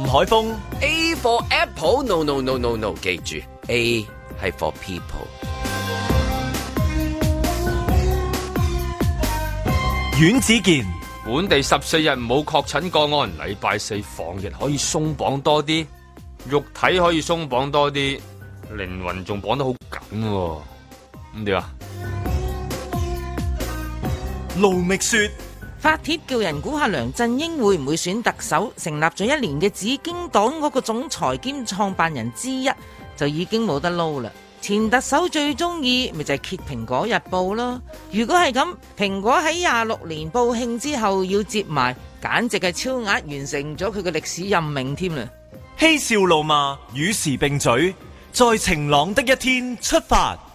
吳海峰，A for Apple，no no no no no，記住 A 係 for people。阮子健，本地十四日冇確診個案，禮拜四防疫可以鬆綁多啲，肉體可以鬆綁多啲，靈魂仲綁得好緊喎。咁點啊？盧覓雪。發帖叫人估下梁振英會唔會選特首，成立咗一年嘅紫荊黨嗰個總裁兼創辦人之一就已經冇得撈啦。前特首最中意咪就係、是、揭蘋果日報咯。如果係咁，蘋果喺廿六年報慶之後要接埋，簡直係超額完成咗佢嘅歷史任命添啦。嬉笑怒罵與時並舉，在晴朗的一天出發。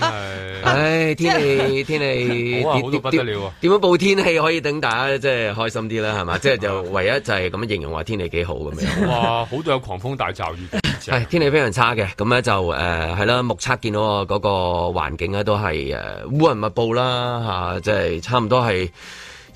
係，唉、哎，天氣天氣哇，好到不得了喎！點樣報天氣可以等大家即係開心啲啦，係嘛？即係就唯一就係咁樣形容話天氣幾好咁樣。哇，好多有狂風大驟雨嘅，係天氣非常差嘅。咁咧就誒，係、呃、啦，目測見到嗰個環境咧都係誒烏雲密布啦，吓、呃啊、即係差唔多係。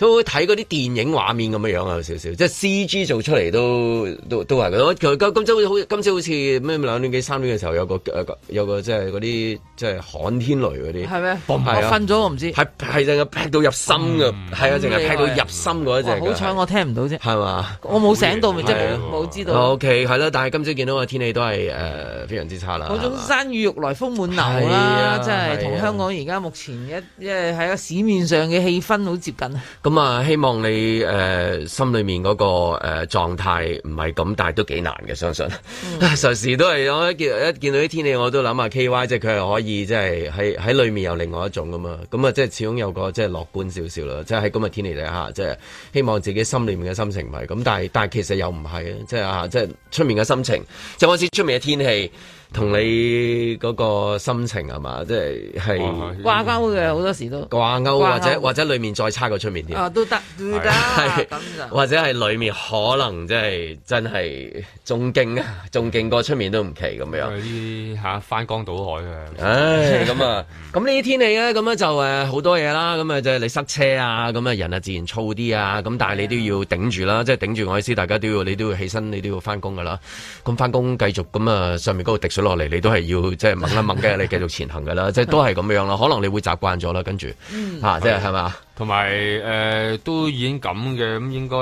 佢會睇嗰啲電影畫面咁嘅樣啊，有少少，即係 C G 做出嚟都都都係嘅。我今朝好似今朝好似兩點幾三點嘅時候有個、呃、有個即係嗰啲即係旱天雷嗰啲係咩？我瞓咗我唔知，係係淨係劈到入心嘅，係、嗯、啊，淨係劈到入心嗰隻。嗯嗯、好彩我聽唔到啫，係嘛吧？我冇醒到咪即係冇、啊、知道。O K 係啦。Okay, 但係今朝見到嘅天氣都係、呃、非常之差啦。嗰種山雨欲來風滿樓啦，即係同香港而家目前一即係喺個市面上嘅氣氛好接近。咁啊，希望你誒、呃、心裏面嗰、那個誒、呃、狀態唔係咁，但係都幾難嘅。相信時、mm hmm. 時都係我一見一見到啲天氣，我都諗下，K Y 即係佢係可以即係喺喺裏面有另外一種㗎嘛。咁啊，即係始終有個即係、就是、樂觀少少啦。即係喺今日天，天氣底下，即、就、係、是、希望自己心裏面嘅心情唔係咁，但係但其實又唔係即係啊，即係出面嘅心情，即係嗰陣出面嘅天氣。同你嗰個心情係嘛，即係係掛鈎嘅，好多時都掛鈎，或者或者裏面再差過出面啲都得都得，或者係裏面可能即係真係仲勁啊，仲勁過出面都唔奇咁樣。啲嚇翻江倒海嘅，唉咁、哎、 啊，咁呢啲天氣咧、啊，咁樣就誒好多嘢啦，咁啊就你塞車啊，咁啊人啊自然躁啲啊，咁但係你都要頂住啦，即係頂住我意思，大家都要你都要起身，你都要返工噶啦。咁返工繼續咁啊，上面嗰度滴水。落嚟你都係要即係掹一掹嘅，你繼續前行㗎啦， 即係都係咁樣咯。可能你會習慣咗啦，跟住嚇，即係係嘛。同埋誒都已經咁嘅，咁應該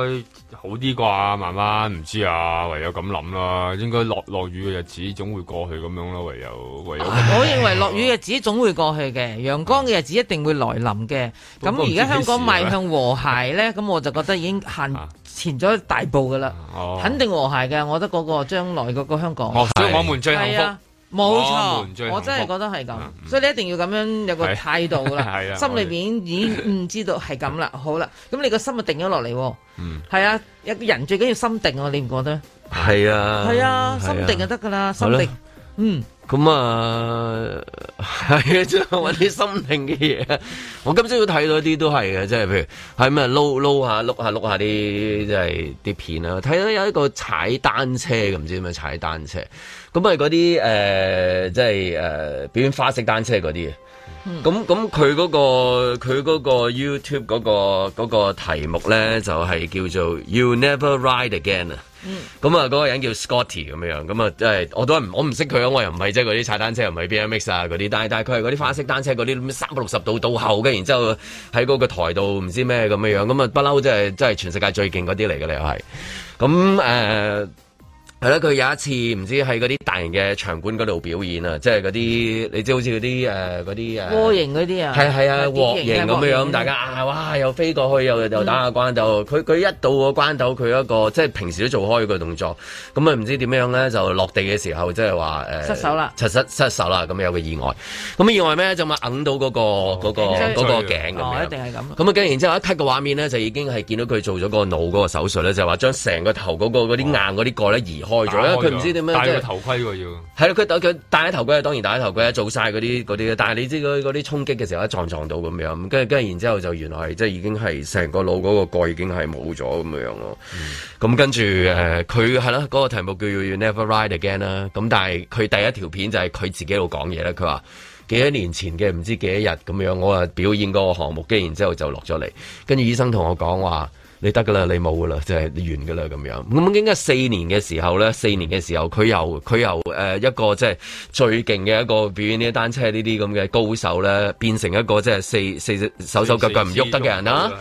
好啲啩？慢慢唔知啊，唯有咁諗啦。應該落落雨嘅日子總會過去咁樣咯，唯有唯有唉。我認為落雨嘅日子總會過去嘅，陽光嘅日子一定會來臨嘅。咁而家香港邁向和諧咧，咁 我就覺得已經限。啊前咗大步噶啦，oh. 肯定和諧嘅。我覺得嗰個將來嗰個香港，oh, 所以我們最幸福啊，冇錯，oh. 我真係覺得係咁，oh. 所以你一定要咁樣有個態度啦。 啊、心裏邊已經唔知道係咁啦。好啦，咁你個心就定咗落嚟。嗯，係啊，一個人最緊要心定啊，你唔覺得？係啊，係啊，心定就得噶啦，啊啊，心定。 嗯，咁、嗯、啊，係啊，即係啲心靈嘅嘢，我今朝都睇到啲都係嘅，即係譬如係咩撈撈下、碌下、碌下啲即係啲片啦。睇到、啊、有一個踩單車咁唔知點樣踩單車。咁啊，嗰啲誒，即係誒、呃，表演花式單車嗰啲。咁咁佢嗰個佢嗰個 YouTube 嗰個嗰個題目咧就係叫做 You Never Ride Again 啊！咁啊嗰個人叫 Scotty 咁樣，咁啊即係我都我唔識佢啊，我又唔係即係嗰啲踩單車又唔係 BMX 啊嗰啲，但係但係佢係嗰啲花式單車嗰啲三百六十度倒後嘅，然之後喺嗰個台度唔知咩咁樣，咁啊不嬲即係即係全世界最勁嗰啲嚟嘅，你又係，咁誒。係啦，佢有一次唔知喺嗰啲大型嘅場館嗰度表演啊，即係嗰啲你知好似嗰啲誒嗰啲誒，鍋型嗰啲啊，係啊係啊鍋型咁樣，咁大家啊哇又飛過去又又打下關斗，佢佢一到個關斗，佢一個即係平時都做開個動作，咁啊唔知點樣咧，就落地嘅時候即係話誒失手啦，失失失手啦，咁有個意外，咁意外咩就咪揞到嗰個嗰個嗰個頸一定係咁，咁然之後一 cut 個畫面呢，就已經係見到佢做咗個腦嗰個手術咧，就話將成個頭嗰個嗰啲硬嗰啲蓋咧移。開咗，佢唔知點樣即係戴個頭盔喎是要。係啦，佢戴佢戴咗頭盔，當然戴咗頭盔，做晒嗰啲嗰啲。但係你知嗰啲衝擊嘅時候一撞撞到咁樣，跟住跟住然之後就原來即係已經係成個腦嗰個蓋已經係冇咗咁樣咯。咁、嗯、跟住誒，佢係啦，嗰、呃嗰個題目叫《you、Never Ride Again》啦。咁但係佢第一條片就係佢自己喺度講嘢啦。佢話幾多年前嘅唔知道幾多日咁樣，我啊表演嗰個項目跟住，然之後就落咗嚟。跟住醫生同我講話。你得噶啦，你冇噶啦，即係完噶啦咁樣。咁應該四年嘅時候咧，四年嘅時候佢由佢由誒、呃、一個即係最勁嘅一個表演呢單車呢啲咁嘅高手咧，變成一個即係四四手手腳腳唔喐得嘅人啦。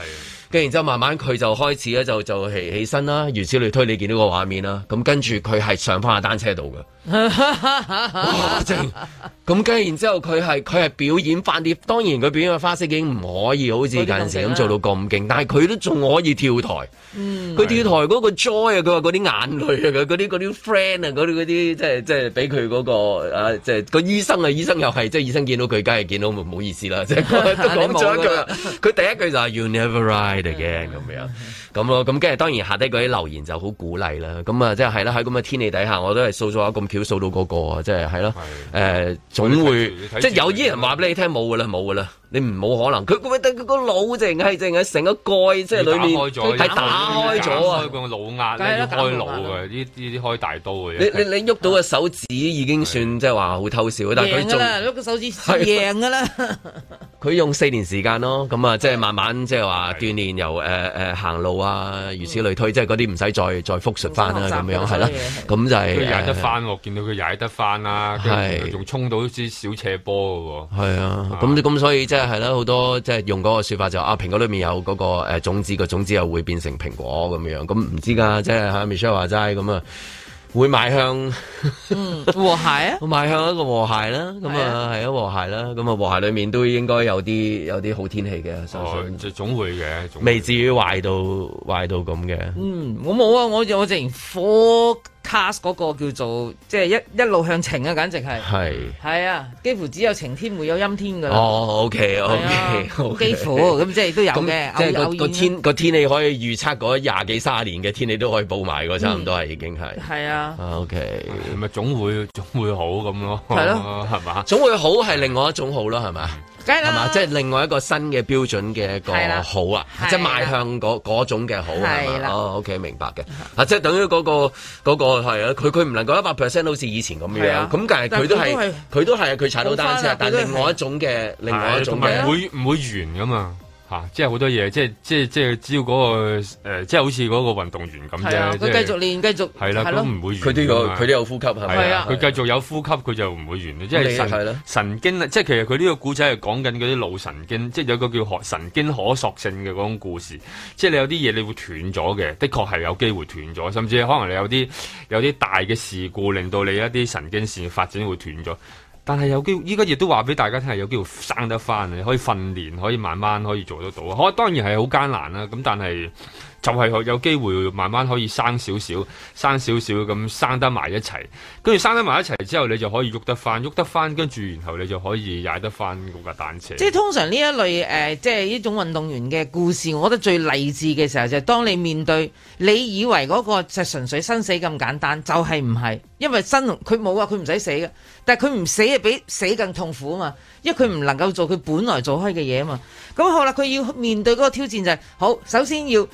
跟住、啊、然之後慢慢佢就開始咧就就起起身啦，如此類推，推你，你見到個畫面啦。咁跟住佢係上翻下單車度嘅。 哇咁跟然之後佢係佢係表演翻跌，當然佢表演嘅花式已經唔可以好似嗰陣時咁做到咁勁，啊、但係佢都仲可以跳台。嗯，佢跳台嗰個 joy 啊，佢話嗰啲眼淚啊，佢嗰啲嗰啲 friend 啊，嗰啲嗰啲即係即係俾佢嗰個即係、啊就是那個醫生啊，醫生又係即係醫生見到佢，梗係見到唔好意思啦、啊，即係講咗一句。佢 看過 第一句就係 You never ride again」咁 樣。咁咯，咁跟住當然下低嗰啲留言就好鼓勵啦。咁啊，即係係啦，喺咁嘅天氣底下，我都係掃咗咁巧掃到嗰個啊，即係係咯，誒的、呃、總會即係有啲人話俾你聽冇㗎啦，冇㗎啦。你唔冇可能，佢佢咪得佢個腦淨係淨係成個蓋即係裏面，佢打開咗啊！打開個腦壓，開腦嘅，呢呢啲開大刀嘅。你你你喐到個手指已經算即係話會偷笑。但係佢仲喐個手指，係贏噶啦！佢用四年時間咯，咁啊，即係慢慢即係話鍛煉，由誒誒行路啊，如此類推，即係嗰啲唔使再再復述翻啦，咁樣係啦，咁就係得翻，見到佢踩得翻啦，係仲衝到啲小斜坡嘅，係啊，咁咁所以即即係啦，好多即係用嗰個說法就是，啊蘋果裏面有嗰、那個誒、呃、種子，個種子又會變成蘋果咁樣，咁唔知噶，即係吓 Michelle 話齋咁啊，會邁向和諧啊，邁向一個和諧啦，咁啊係啊和諧啦，咁啊和諧裏面都應該有啲有啲好天氣嘅、相信、哦，就總會嘅，會未至於壞到壞到咁嘅。嗯，我冇啊，我我直情 cast 嗰個叫做即係一一路向晴啊，簡直係係係啊，幾乎只有晴天，會有陰天噶咯哦，OK OK，、啊、okay 幾乎咁即係都有嘅。 即係個然天個天氣可以預測嗰廿幾三十年嘅天氣都可以報埋個差唔多係已經係。係、嗯、啊。OK，咪總會總會好咁咯。係咯，係嘛？總會好係、啊、吧另外一種好咯，係嘛？係嘛，即係另外一個新嘅標準嘅一個好啊，是啊即係邁向嗰種嘅好係嘛？哦，OK，明白嘅，是啊，即係等於嗰個嗰個係啊，佢佢唔能夠一百 percent 好似以前咁樣，咁但係佢都係佢都係啊，佢踩到單車，但係另外一種嘅另外一種嘅，唔會，啊，唔會完噶嘛。吓、啊，即係好多嘢，即係即係即係，只要嗰個誒，即係、那個呃、好似嗰個運動員咁啫。佢繼、啊、是續練，繼續係啦，佢唔、啊啊、會完。佢啲佢佢都有呼吸係咪？係啊，佢繼、啊、續有呼吸，佢就唔會完啦。啊啊、即係神、啊、神經，即係其實佢呢個古仔係講緊嗰啲腦神經，即係有個叫可神經可塑性嘅嗰個故事。即係你有啲嘢你會斷咗嘅，的確係有機會斷咗，甚至可能你有啲有啲大嘅事故，令到你一啲神經線發展會斷咗。但係有機會，依家亦都話俾大家聽係有機會生得返，你可以訓練，可以慢慢可以做得到。可當然係好艱難啦，咁但係。就係有機會慢慢可以生少少，生少少咁生得埋一齊，跟住生得埋一齊之後，你就可以喐得翻、喐得翻，跟住然後你就可以踩得翻嗰架單車。即係通常呢一類誒、呃，即係呢種運動員嘅故事，我覺得最勵志嘅時候就係、是、當你面對你以為嗰個就純粹生死咁簡單，就係唔係？因為生佢冇啊，佢唔使死嘅，但係佢唔死啊，比死更痛苦啊嘛，因為佢唔能夠做佢本來做開嘅嘢啊嘛。咁好啦，佢要面對嗰個挑戰就係、是，好，首先要。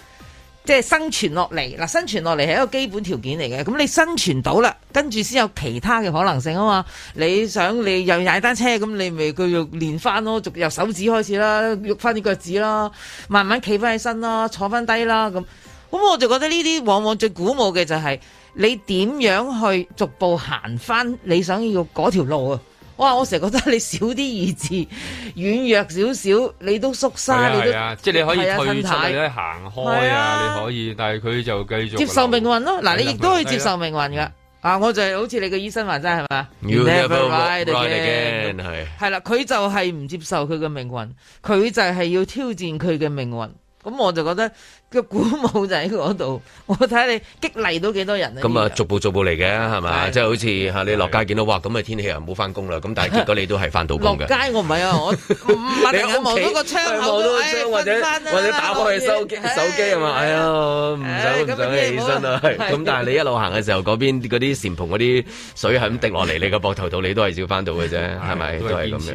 即係生存落嚟，嗱，生存落嚟係一個基本條件嚟嘅。咁你生存到啦，跟住先有其他嘅可能性啊嘛。你想你又踩單車，咁你咪繼續練翻咯，逐由手指開始啦，喐翻啲腳趾啦，慢慢企翻起身啦，坐翻低啦，咁。咁我就覺得呢啲往往最鼓舞嘅就係、是，你點樣去逐步行翻你想要嗰條路啊。哇！我成日覺得你少啲意志，軟弱少少，你都縮晒，啊啊、你都、啊、即係你可以退出，態你可以行開啊，啊你可以，但係佢就繼續接受命運咯。嗱，你亦都可以接受命運噶。啊，啊，啊，啊，我就係、是、好似你個醫生話齋係咪？never ride again 係、啊。係啦、啊，佢就係唔接受佢嘅命運，佢就係要挑戰佢嘅命運。咁我就覺得。個鼓舞就喺嗰度，我睇你激勵到幾多人咁啊，逐步逐步嚟嘅，係咪？即係好似嚇你落街見到，哇！咁嘅天氣又唔好翻工啦。咁但係結果你都係翻到工嘅。落街我唔係啊，我唔揾緊望到個窗，望到或者或者打開手機手機啊嘛？係啊，唔想唔想起身啊？咁，但係你一路行嘅時候，嗰邊嗰啲簷篷嗰啲水係咁滴落嚟，你個膊頭度你都係照翻到嘅啫，係咪？都係咁樣。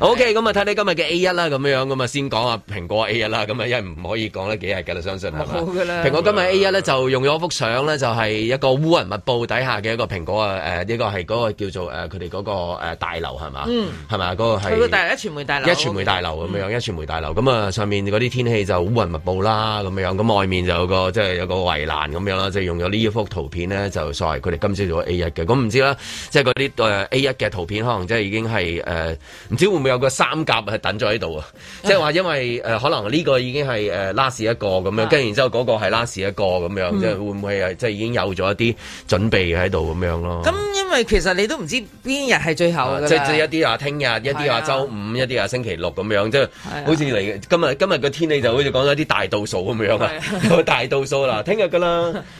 O K，咁啊睇你今日嘅 A 一啦，咁樣樣咁啊先講下蘋果 A 一啦，咁啊因為唔可以講得幾日相信冇係咪？蘋果今日 A 一咧就用咗一幅相咧，就係、是、一個烏雲密布底下嘅一個蘋果啊！誒、呃，呢、這個係嗰個叫做誒佢哋嗰個大樓係嘛？嗯，係嘛、嗯？嗰個係。一個大一傳媒大樓。一傳媒大樓咁樣，一傳媒大樓咁啊！上面嗰啲天氣就烏雲密布啦，咁樣咁外面就有個即係、就是、有個圍欄咁樣啦，就用咗呢一幅圖片咧，就所謂佢哋今朝做 A 一嘅。咁唔知啦，即係嗰啲誒 A 一嘅圖片，可能即係已經係誒唔知會唔會有個三甲係等咗喺度啊？哎、即係話因為誒、呃、可能呢個已經係誒 last 一個咁。咁跟住然之後嗰個係 last 一個咁樣，即係、嗯、會唔會即係已經有咗一啲準備喺度咁樣咯？咁因為其實你都唔知邊日係最後即係即係一啲話聽日，啊、一啲話週五，啊、一啲話星期六咁樣，即係好似嚟、啊、今日今日個天氣就好似講咗啲大倒數咁樣啊，個樣、啊、大倒數啦，聽日㗎啦。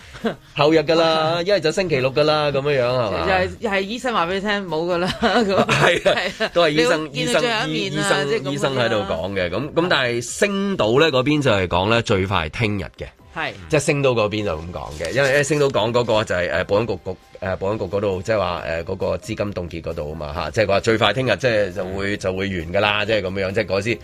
後日噶啦，一係就星期六噶啦，咁樣樣係嘛？又係又係醫生話俾你聽冇噶啦，係、啊啊、都係醫生醫生醫生醫生喺度講嘅，咁咁但係星島咧嗰邊就係講咧，最快聽日嘅，係即係星島嗰邊就咁講嘅，因為星島講嗰個就係誒保安局局誒保安局嗰度，即係話誒嗰個資金凍結嗰度啊嘛吓，即係話最快聽日即係就會就會完噶啦，即係咁樣即係嗰先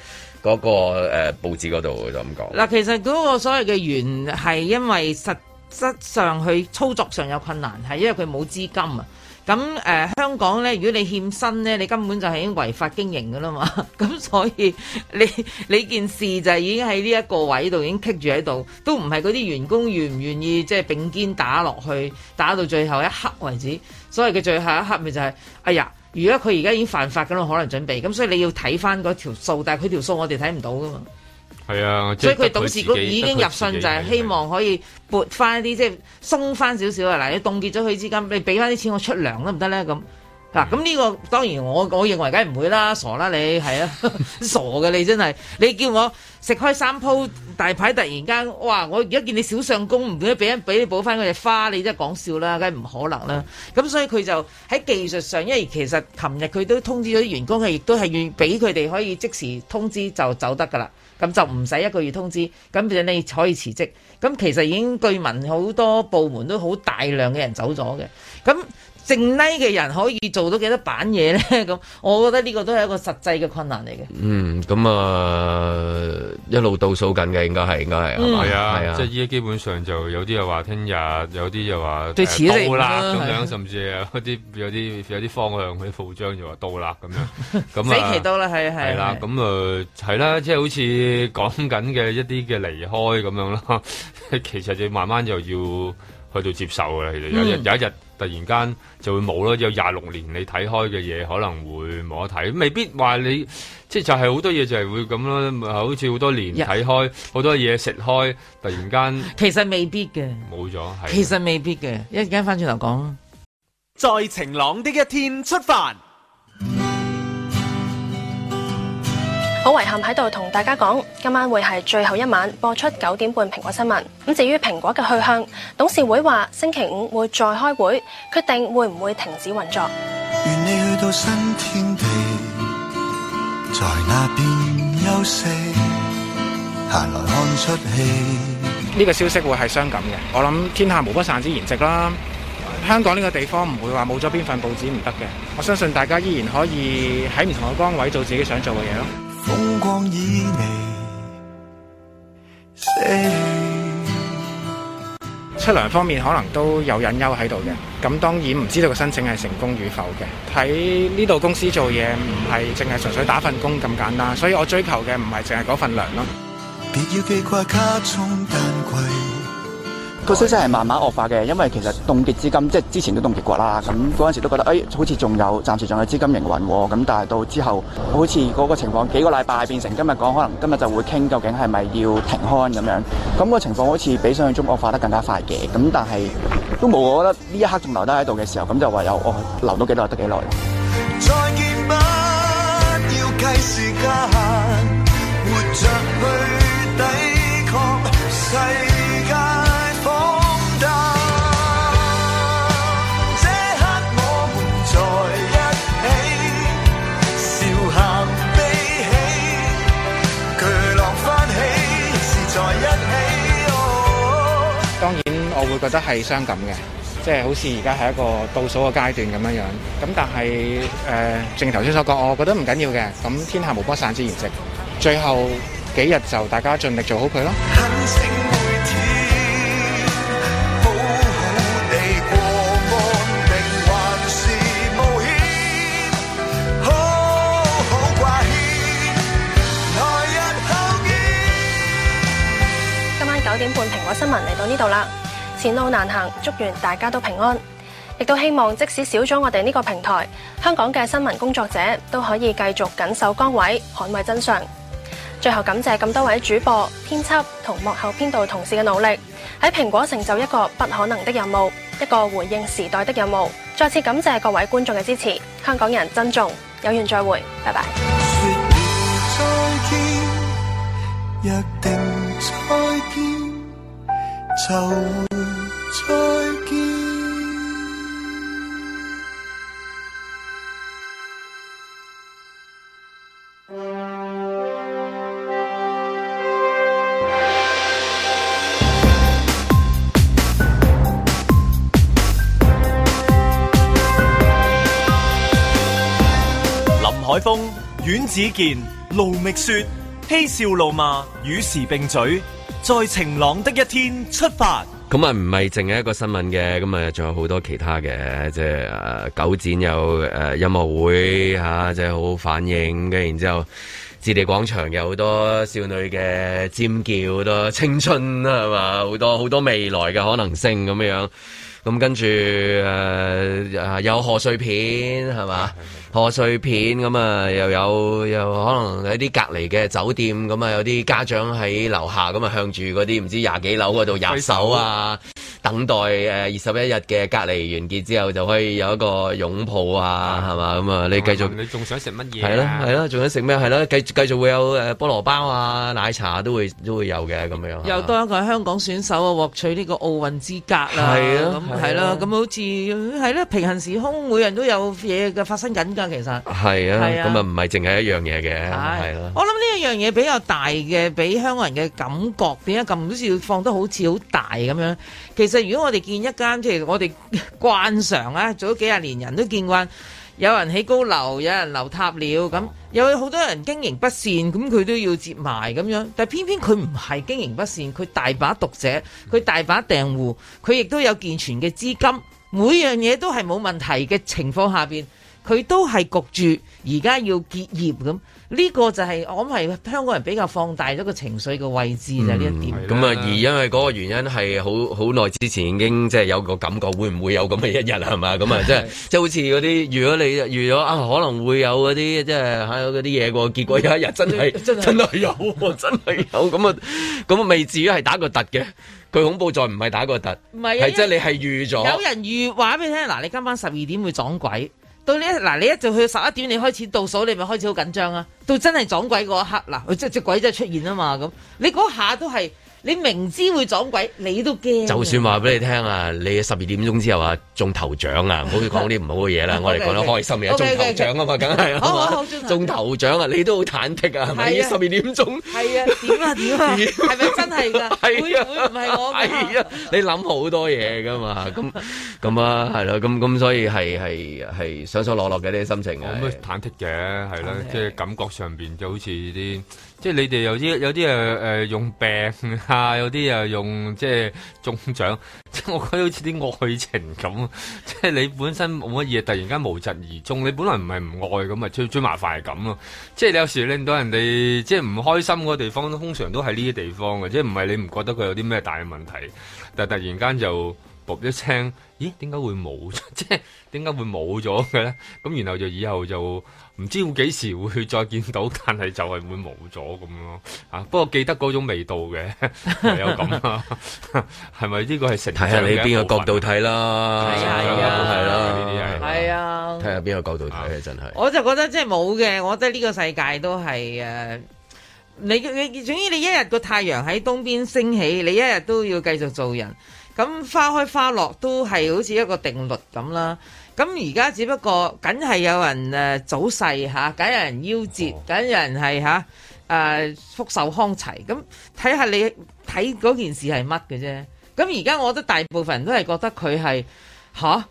嗰個誒、那個、報紙嗰度就咁講。嗱，其實嗰個所謂嘅完係因為實質上去操作上有困難，係因為佢冇資金啊！咁誒、呃，香港呢，如果你欠薪呢，你根本就係已經違法經營㗎啦嘛！咁所以你你件事就係已經喺呢一個位度已經棘住喺度，都唔係嗰啲員工願唔願意即係、就是、並肩打落去，打到最後一刻為止。所以佢最後一刻咪就係、是，哎呀！如果佢而家已經犯法咁，我可能準備咁，所以你要睇返嗰條數，但係佢條數我哋睇唔到㗎嘛。係啊，所以佢董事局已經入信就係希望可以撥翻一啲即係鬆翻少少啊！嗱，你凍結咗佢資金，你俾翻啲錢我出糧都唔得咧咁，嗱咁呢、嗯、個當然我我認為梗係唔會啦，傻啦你係啊， 傻嘅你真係，你叫我食開三鋪大牌，嗯、突然間哇！我而家見你小相公，唔俾俾人俾你補翻佢哋花，你真係講笑啦，梗係唔可能啦。咁、嗯、所以佢就喺技術上，因為其實琴日佢都通知咗啲員工佢亦都係願俾佢哋可以即時通知就走得噶啦。咁就唔使一個月通知，咁就你可以辭職。咁其實已經據聞好多部門都好大量嘅人走咗嘅，咁。剩低嘅人可以做到幾多版嘢咧？咁，我覺得呢個都係一個實際嘅困難嚟嘅。嗯，咁啊，一路倒數緊嘅，應該係，應該係，係啊，係啊，即係依家基本上就有啲又話聽日，有啲又話對此嚟啦咁樣，甚至係啲有啲有啲方向佢副張，就話到啦咁樣，咁啊，死期到啦，係係。係啦，咁啊係啦，即係好似講緊嘅一啲嘅離開咁樣咯，其實就慢慢就要。去到接受嘅啦，其實有日有一日，有一日突然間就會冇咯，有廿六年你睇開嘅嘢可能會冇得睇，未必話你即係就係好多嘢就係會咁咯，好似好多年睇開好日 多嘢食開，突然間其實未必嘅，冇咗係，其實未必嘅，一陣間翻轉頭講啦，在晴朗的一天出發。好遺憾喺度同大家講，今晚會係最後一晚播出九點半蘋果新聞。咁至於蘋果嘅去向，董事會話星期五會再開會，決定會唔會停止運作。願你去到新天地，在那邊休息，閒來看出戲。呢個消息會係傷感嘅，我諗天下無不散之筵席啦。香港呢個地方唔會話冇咗邊份報紙唔得嘅，我相信大家依然可以喺唔同嘅崗位做自己想做嘅嘢咯。風光以你出糧方面可能都有隱憂喺度嘅，咁當然唔知道個申請係成功與否嘅。喺呢度公司做嘢唔係淨係純粹打份工咁簡單，所以我追求嘅唔係淨係嗰份糧咯。必個對消息係慢慢惡化嘅，因為其實凍結資金，即係之前都凍結過啦。咁嗰陣時都覺得，誒、哎，好似仲有，暫時仲有資金營運。咁但係到之後，好似嗰個情況幾個禮拜變成今日講，可能今日就會傾究竟係咪要停刊咁樣。咁、那個情況好似比想像中惡化得更加快嘅。咁但係都冇，我覺得呢一刻仲留得喺度嘅時候，咁就話有，我、哦、留到幾耐，得幾耐。再見，不要計時間活着去抵抗覺得係傷感嘅，即係好似而家係一個倒數嘅階段咁樣樣。咁但係誒，正頭先所講，我覺得唔緊要嘅。咁天下無不散之筵席，最後幾日就大家盡力做好佢咯。今晚九點半《蘋果新聞》嚟到呢度啦。前路難行，祝願大家都平安。亦都希望，即使少咗我哋呢個平台，香港嘅新聞工作者都可以繼續緊守崗位，捍衛真相。最後感謝咁多位主播、編輯同幕後編導同事嘅努力，喺蘋果成就一個不可能的任務，一個回應時代的任務。再次感謝各位觀眾嘅支持，香港人珍重，有緣再會，拜拜。再見。林海峰、阮子健、盧覓雪、嬉笑怒罵，與時並舉，在晴朗的一天出發。咁啊，唔係淨係一個新聞嘅，咁啊，仲有好多其他嘅，即係呃、九展有誒、呃、音樂會嚇、啊，即係好好反映跟然之後，置地廣場有好多少女嘅尖叫，好多青春啦，係嘛，好多好多未來嘅可能性咁樣。咁跟住誒、呃、有賀歲片係嘛？賀歲片咁啊，又有又可能喺啲隔離嘅酒店咁啊，有啲家長喺樓下咁啊，向住嗰啲唔知廿幾樓嗰度入手的啊，等待誒二十一日嘅隔離完結之後，就可以有一個擁抱啊，係嘛咁啊？你繼續，你仲想食乜嘢？係咯係咯，仲想食咩？係咯，繼繼續會有菠蘿包啊、奶茶都會都會有嘅咁樣。又多一個香港選手啊，獲取呢個奧運資格啦啊。的係啦，咁好似係咯，平行時空，每人都有嘢嘅發生緊㗎，其實。係啊，咁啊唔係淨係一樣嘢嘅，係咯，我諗呢一樣嘢比較大嘅，俾香港人嘅感覺點解咁好似放得好似好大咁樣？其實如果我哋見一間，即係我哋慣常啊，早幾廿年人都見慣。有人起高樓，有人樓塌了，咁又有好多人經營不善，咁佢都要接埋咁樣。但偏偏佢唔係經營不善，佢大把讀者，佢大把訂戶，佢亦都有健全嘅資金，每樣嘢都係冇問題嘅情況下邊。佢都係焗住，而家要結業咁呢、呢個就係、是、我諗係香港人比較放大咗個情緒嘅位置就係、是、呢一點。咁啊、嗯，而因為嗰個原因係好好耐之前已經即係有個感覺，會唔會有咁嘅一日係嘛？咁啊、就是是的，即係即係好似嗰啲，如果你預咗啊，可能會有嗰啲即係嚇嗰啲嘢喎。結果有一日真係真係有，真係有咁啊，咁啊未至於係打個突嘅，佢恐怖在唔係打個突，係即係你係預咗。有人預話俾你聽嗱，你今晚十二點會撞鬼。到呢一嗱，你一就去到十一點，你開始倒數，你咪開始好緊張啊！到真係撞鬼嗰一刻嗱、啊，即係隻鬼真係出現啊嘛！咁你嗰下都係。你明知會撞鬼，你都驚。就算話俾你聽啊，你十二點鐘之後啊中頭獎啊，唔好講啲唔好嘅嘢啦。我哋講得開心嘅中頭獎啊嘛，梗係啊，中頭獎啊，你都好忐忑啊，係咪？十二點鐘，係啊，點啊點啊，係咪真係噶？係啊，唔係我係啊，你諗好多嘢噶嘛？咁咁啊，係咯，咁咁所以係係係上上落落嘅呢啲心情，咁啊忐忑嘅係啦，即係感覺上邊就好似啲。即係你哋有啲有啲誒誒用病啊，有啲又用即係中獎，即係我覺得好似啲愛情咁，即係你本身冇乜嘢，突然間無疾而終，你本來唔係唔愛咁啊，最最麻煩係咁咯。即係你有時候令到人哋即係唔開心嘅地方，通常都係呢啲地方嘅，即係唔係你唔覺得佢有啲咩大嘅問題，但係突然間就卟一聲，咦？點解會冇？即係點解會冇咗嘅咧？咁然後就以後就。唔知會幾時會再見到，但係就係會冇咗咁咯。啊，不過記得嗰種味道嘅，有咁啊？係咪呢個係食？睇下你邊個角度睇啦。係啊，係啦，呢啲係。係啊。睇下邊個角度睇啊。真係。啊、我就覺得即係冇嘅，我覺得呢個世界都係誒，你你，總之你一日個太陽喺東邊升起，你一日都要繼續做人。咁花開花落都係好似一個定律咁啦。咁而家只不過，梗係有人誒早逝梗有人夭折，梗、哦、有人係嚇、啊、福壽康齊。咁睇下你睇嗰件事係乜嘅啫。咁而家我覺得大部分人都係覺得佢係吓，佢、啊、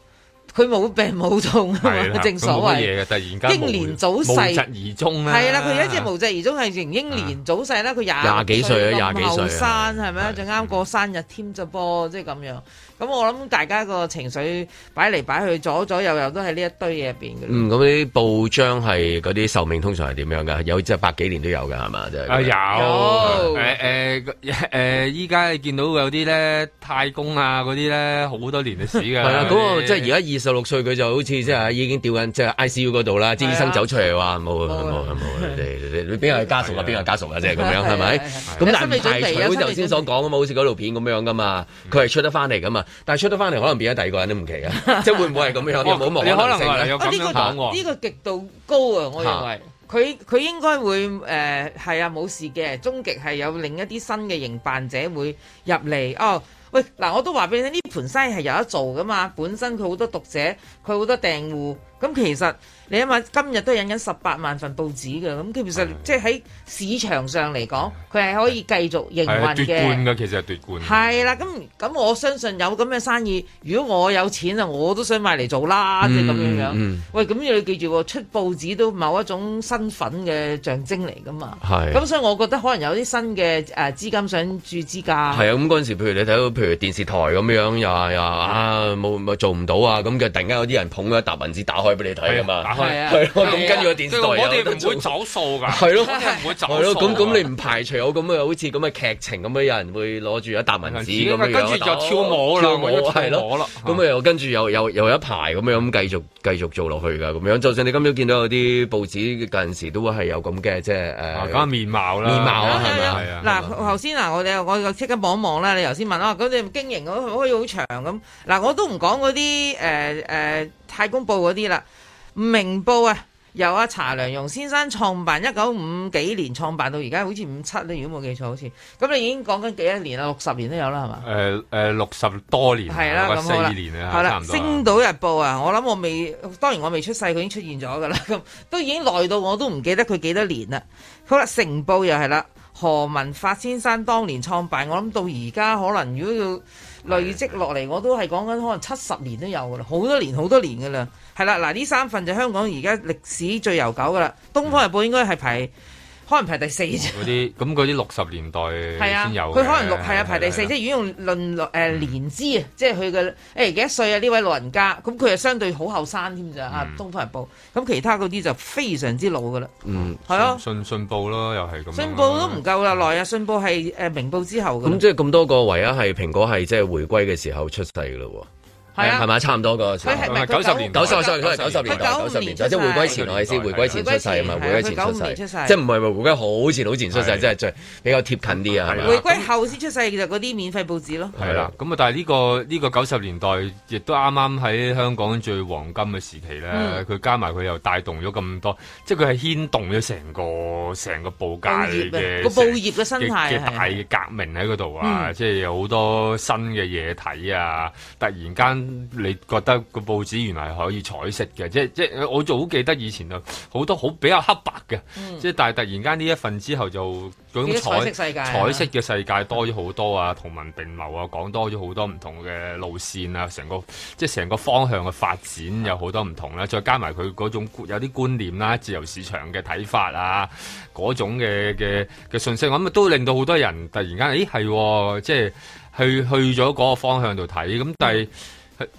冇病冇痛的正所謂突然間英年早逝，無疾而終咧。係啦，佢有一隻無疾而終係、啊、成英年早逝啦，佢廿廿幾歲啊，廿幾歲，後生係咪啊？仲啱過生日添咋噃，即係咁樣。咁我諗大家個情緒擺嚟擺去左左右右都喺呢一堆嘢入邊嘅。咁啲報章係嗰啲壽命通常係點樣噶？有即係百幾年都有嘅係嘛？啊有誒誒誒！依家你見到有啲咧太公啊嗰啲咧好多年歷史嘅。係啦，嗰個即係而家二十六歲佢就好似即係已經掉緊即係 I C U 嗰度啦，醫生走出嚟話冇冇冇你你你邊個家屬啊？邊個家屬啊？即係咁樣係咪？咁但係排除頭先所講啊嘛，好似嗰套片咁樣噶嘛，佢係出得翻嚟噶嘛。但係出得翻嚟，可能變咗第二個人都唔奇啊！ 即係會唔會係咁樣？哦、有冇可能性？呢、哦、個極度高啊！我認為佢佢、啊、應該會誒係、呃、啊冇事嘅。終極係有另一啲新嘅營辦者會入嚟哦。喂嗱，我都話俾你聽，呢盤生意係有得做噶嘛。本身佢好多讀者，佢好多訂戶，咁、嗯、其實。你諗、啊、下，今日都引緊十八萬份報紙嘅，咁其實是的即係喺市場上嚟講，佢係的可以繼續營運嘅。奪冠嘅其實係奪冠。係啦，咁咁我相信有咁嘅生意，如果我有錢啊，我都想買嚟做啦，即係咁樣樣、嗯、喂，咁要你記住，出報紙都某一種身份嘅象徵嚟㗎嘛。係的。咁所以我覺得可能有啲新嘅誒資金想注資㗎。係啊，咁嗰陣時，譬如你睇到，譬如電視台咁樣，又又的啊冇冇做唔到啊，咁嘅突然間有啲人捧一沓銀紙打開俾你睇嘛的。啊係啊，係咯，咁跟住個電視台我哋唔會走數噶，係咯，真係唔咯，咁咁你唔排除有咁啊？好似咁嘅劇情咁啊？有人會攞住一沓文紙咁跟住就跳舞啦，跳舞跳舞咁又跟住又又又一排咁樣咁繼續繼續做落去噶咁樣。就算你今朝見到有啲報紙近時都係有咁嘅即係誒，講面貌啦，面貌啊，係咪啊？嗱，頭先嗱，我哋我即刻望一望啦。你頭先問啊，咁你經營可以好長咁嗱，我都唔講嗰啲誒誒太公報嗰啲啦。明報啊，由阿、啊、查良鏞先生創辦，一九五幾年創辦到而家，好似五七咧，如果冇記錯，好似咁，你已經講緊幾多年啦？六十年都有啦，係嘛？誒誒、呃，六、呃、十多年，係啦、啊，咁好啦，係啦，星島日報啊，我諗我未，當然我未出世，佢已經出現咗噶啦，咁都已經來到我都唔記得佢幾多年啦。好啦，成報又係啦，何文發先生當年創辦，我諗到而家可能如果。要。累積落嚟，我都係講緊可能七十年都有㗎喇，好多年好多年㗎喇，係喇，嗱呢三份就香港而家歷史最悠久㗎喇，《東方日報》應該係排，可能排第四啫，嗰啲咁嗰啲六十年代係啊，先有，佢可能六係啊排第四，如果用論誒年資啊，即係佢嘅誒幾多歲啊呢位老人家，咁佢係相對好後生添咋啊？《東方日報》，咁其他嗰啲就非常之老噶啦，嗯，係啊，信信報咯，又係咁，信報都唔夠啦，來啊信報係誒明報之後嘅，咁即係咁多個，唯一係蘋果係即係回歸嘅時候出世噶咯。係啊，係咪差唔多個時候？九十九十年代九十年代，即係回歸前來先，回歸前出世咪？回歸前出世，即係唔係回歸好前好前出世，即係最比較貼近啲啊！回歸後先出世，其實嗰啲免費報紙咯。係啦，咁啊，但係呢個呢個九十年代亦都啱啱喺香港最黃金嘅時期咧。佢加埋佢又帶動咗咁多，即係佢係牽動咗成個成個報界嘅個報業嘅生態，即係大嘅革命喺嗰度啊！即係有好多新嘅嘢睇啊！突然間。你覺得個報紙原來可以彩色嘅，即係即係我就好記得以前啊，好多好比較黑白嘅，嗯、即係但係突然間呢一份之後就嗰種彩彩色嘅世，世界多咗好多的啊，同文並茂啊，講多咗好多唔同嘅路線啊，成個即係成個方向嘅發展有好多唔同啦，的再加埋佢嗰種有啲觀念啦，自由市場嘅睇法啊，嗰種嘅嘅嘅信息我諗都令到好多人突然間誒係，即係去去咗嗰個方向度睇，咁但係。嗯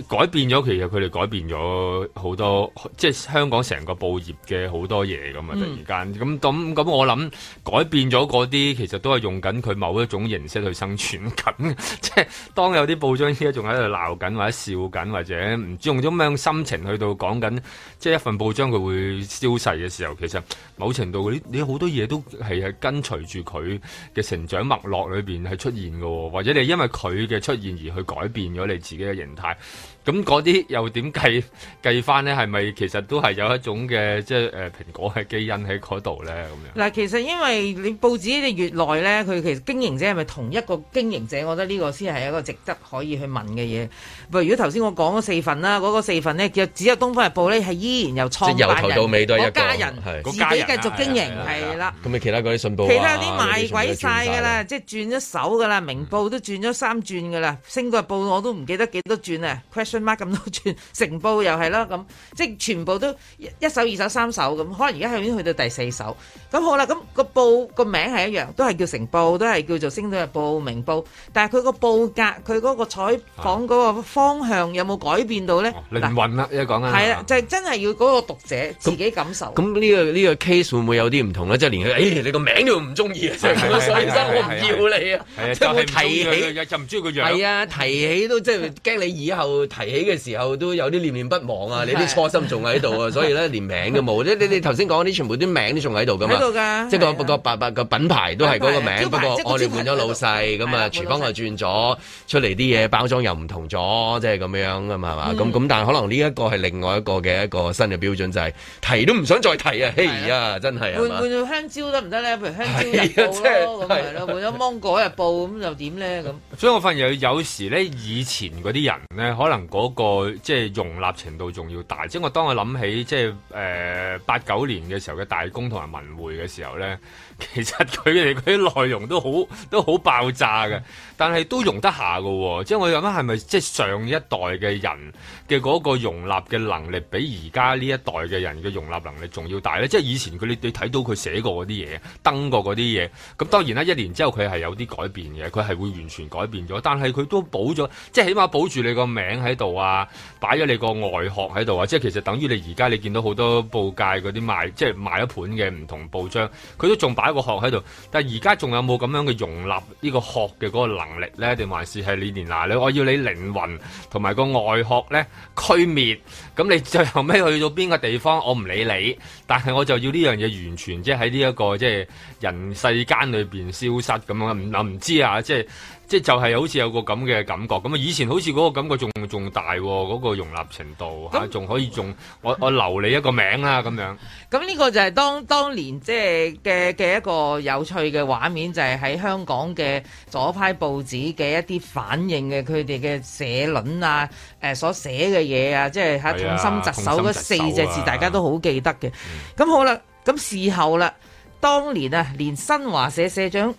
改變咗，其實佢哋改變咗好多，即係香港成個報業嘅好多嘢咁啊！突然間，咁咁咁，我諗改變咗嗰啲，其實都係用緊佢某一種形式去生存緊。即係當有啲報章依家仲喺度鬧緊，或者笑緊，或者唔知用咗咩心情去到講緊，即係一份報章佢會消逝嘅時候，其實某程度啲你好多嘢都係跟隨住佢嘅成長脈絡裏面係出現嘅，或者你因為佢嘅出現而去改變咗你自己嘅形態。咁嗰啲又點計計翻呢？係咪其實都係有一種嘅即係蘋果嘅基因喺嗰度咧？咁嗱，其實因為你報紙你越耐咧，佢其實經營者係咪同一個經營者？我覺得呢個先係一個值得可以去問嘅嘢。唔如果頭先我講嗰四份啦，嗰、嗰個四份呢，其實只有《東方日報》呢係依然由創即由頭到尾都係一家人，自己繼續經營係啦。咁咪其他嗰啲信報、啊，其他啲賣鬼晒噶啦，轉即轉咗手噶啦，《明報》都轉咗三轉噶啦，《星島日報》我都唔記得幾多轉啊。買咁多串成報又係咯，咁即係全部都一手、二手、三手咁，可能而家係已經去到第四手。咁好啦，咁個報個名係一樣，都係叫成報，都係叫做《星島日報》明報。但係佢個報格，佢嗰個採訪嗰個方向有冇改變到咧？凌雲啦，你講啊，係啊，就真係要嗰個讀者自己感受。咁呢個呢個 case 會唔會有啲唔同咧？即係連佢，誒，你個名都唔中意啊！即係，先生我唔要你啊！即係會提起又唔中意個樣。係啊，提起都即係驚你以後。提起嘅時候都有啲念念不忘啊！你啲初心仲喺度啊，所以咧連名都冇。你你你頭先講啲全部啲名都仲喺度噶嘛？喺度㗎。即係個不過白白個品牌都係嗰個名，不過我哋換咗老細，咁啊廚房又轉咗出嚟啲嘢包裝又唔同咗，即係咁樣噶嘛，係嘛？咁咁但係可能呢一個係另外一個嘅一個新嘅標準，就係提都唔想再提啊！希兒啊，真係換換香蕉得唔得咧？譬如香蕉日報，即係係咯，換咗芒果日報咁又點咧？咁所以我發現有時咧，以前嗰啲人咧，可能。嗰、那個即係容納程度仲要大，即係我當我諗起即係誒八九年嘅時候嘅大公同埋文匯嘅時候咧，其實佢哋嗰啲內容都好都好爆炸嘅，但係都容得下嘅、哦。即係我諗係咪即係上一代嘅人嘅嗰個容納嘅能力，比而家呢一代嘅人嘅容納能力仲要大咧？即係以前佢哋你睇到佢寫過嗰啲嘢，登過嗰啲嘢，咁當然啦，一年之後佢係有啲改變嘅，佢係會完全改變咗，但係佢都保咗，即係起碼保住你個名喺度啊，擺咗你個外殼喺度啊，即係其實等於你而家你見到好多報界嗰啲賣，即係賣一盤嘅唔同報章，佢都仲擺個殼喺度。但係而家仲有冇咁樣嘅容納呢個殼嘅嗰個能力呢？定還是係你連嗱你，我要你靈魂同埋個外殼呢驅滅？咁你最後尾去到邊個地方，我唔理你，但係我就要呢樣嘢完全即係喺呢一個即係人世間裏邊消失咁樣，我唔知啊，即係即係就係、是就是、好似有個咁嘅感覺。咁啊，以前好似嗰個感覺仲仲大喎，嗰、那個容納程度仲那可以仲我我留你一個名呀，咁樣。咁呢個就係當當年即係嘅嘅一個有趣嘅畫面，就係、是、喺香港嘅左派報紙嘅一啲反應嘅佢哋嘅社論啊，誒所寫嘅嘢啊，即係喺。同、啊、心疾首嗰四隻字，大家都好記得嘅。咁、嗯、好啦，咁事後啦，當年啊，連新華社社長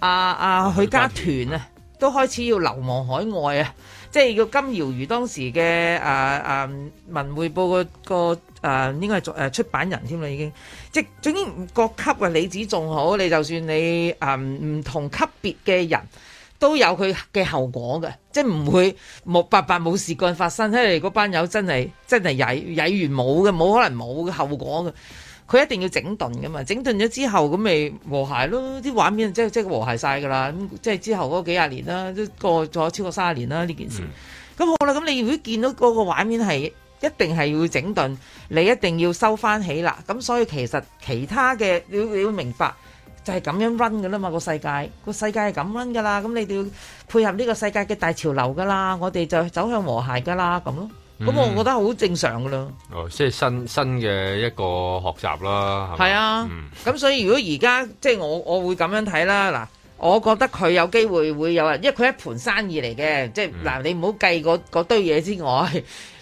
阿阿許家屯啊，都開始要流亡海外啊。即係叫金瑤如當時嘅啊啊文匯報個個啊，應該係做、啊、出版人添啦，已經。即係總之，各級嘅、啊、李子仲好，你就算你啊唔同級別嘅人。都有佢嘅後果嘅，即係唔會冇白白冇事幹發生，因為嗰班友真係真係曳曳完冇嘅，冇可能冇後果嘅，佢一定要整頓㗎嘛，整頓咗之後咁咪和諧咯，啲畫面即係即係和諧晒㗎啦，咁即係之後嗰幾廿年啦，都過咗超過三十年啦呢件事，咁、嗯、好啦，咁你如果見到嗰個畫面係一定係要整頓，你一定要收翻起啦，咁所以其實其他嘅你要你要明白。係咁樣 run 噶啦嘛，個世界個世界係咁 run 噶啦，咁你哋要配合呢個世界嘅大潮流噶啦，我哋就走向和諧噶啦，咁咯，咁我覺得好正常噶咯。哦，即係新新嘅一個學習啦，係啊，咁所以如果而家即係我我會咁樣睇啦，嗱，我覺得佢有機會會有，因為佢一盤生意嚟嘅，即係嗱，你唔好計嗰嗰堆嘢之外。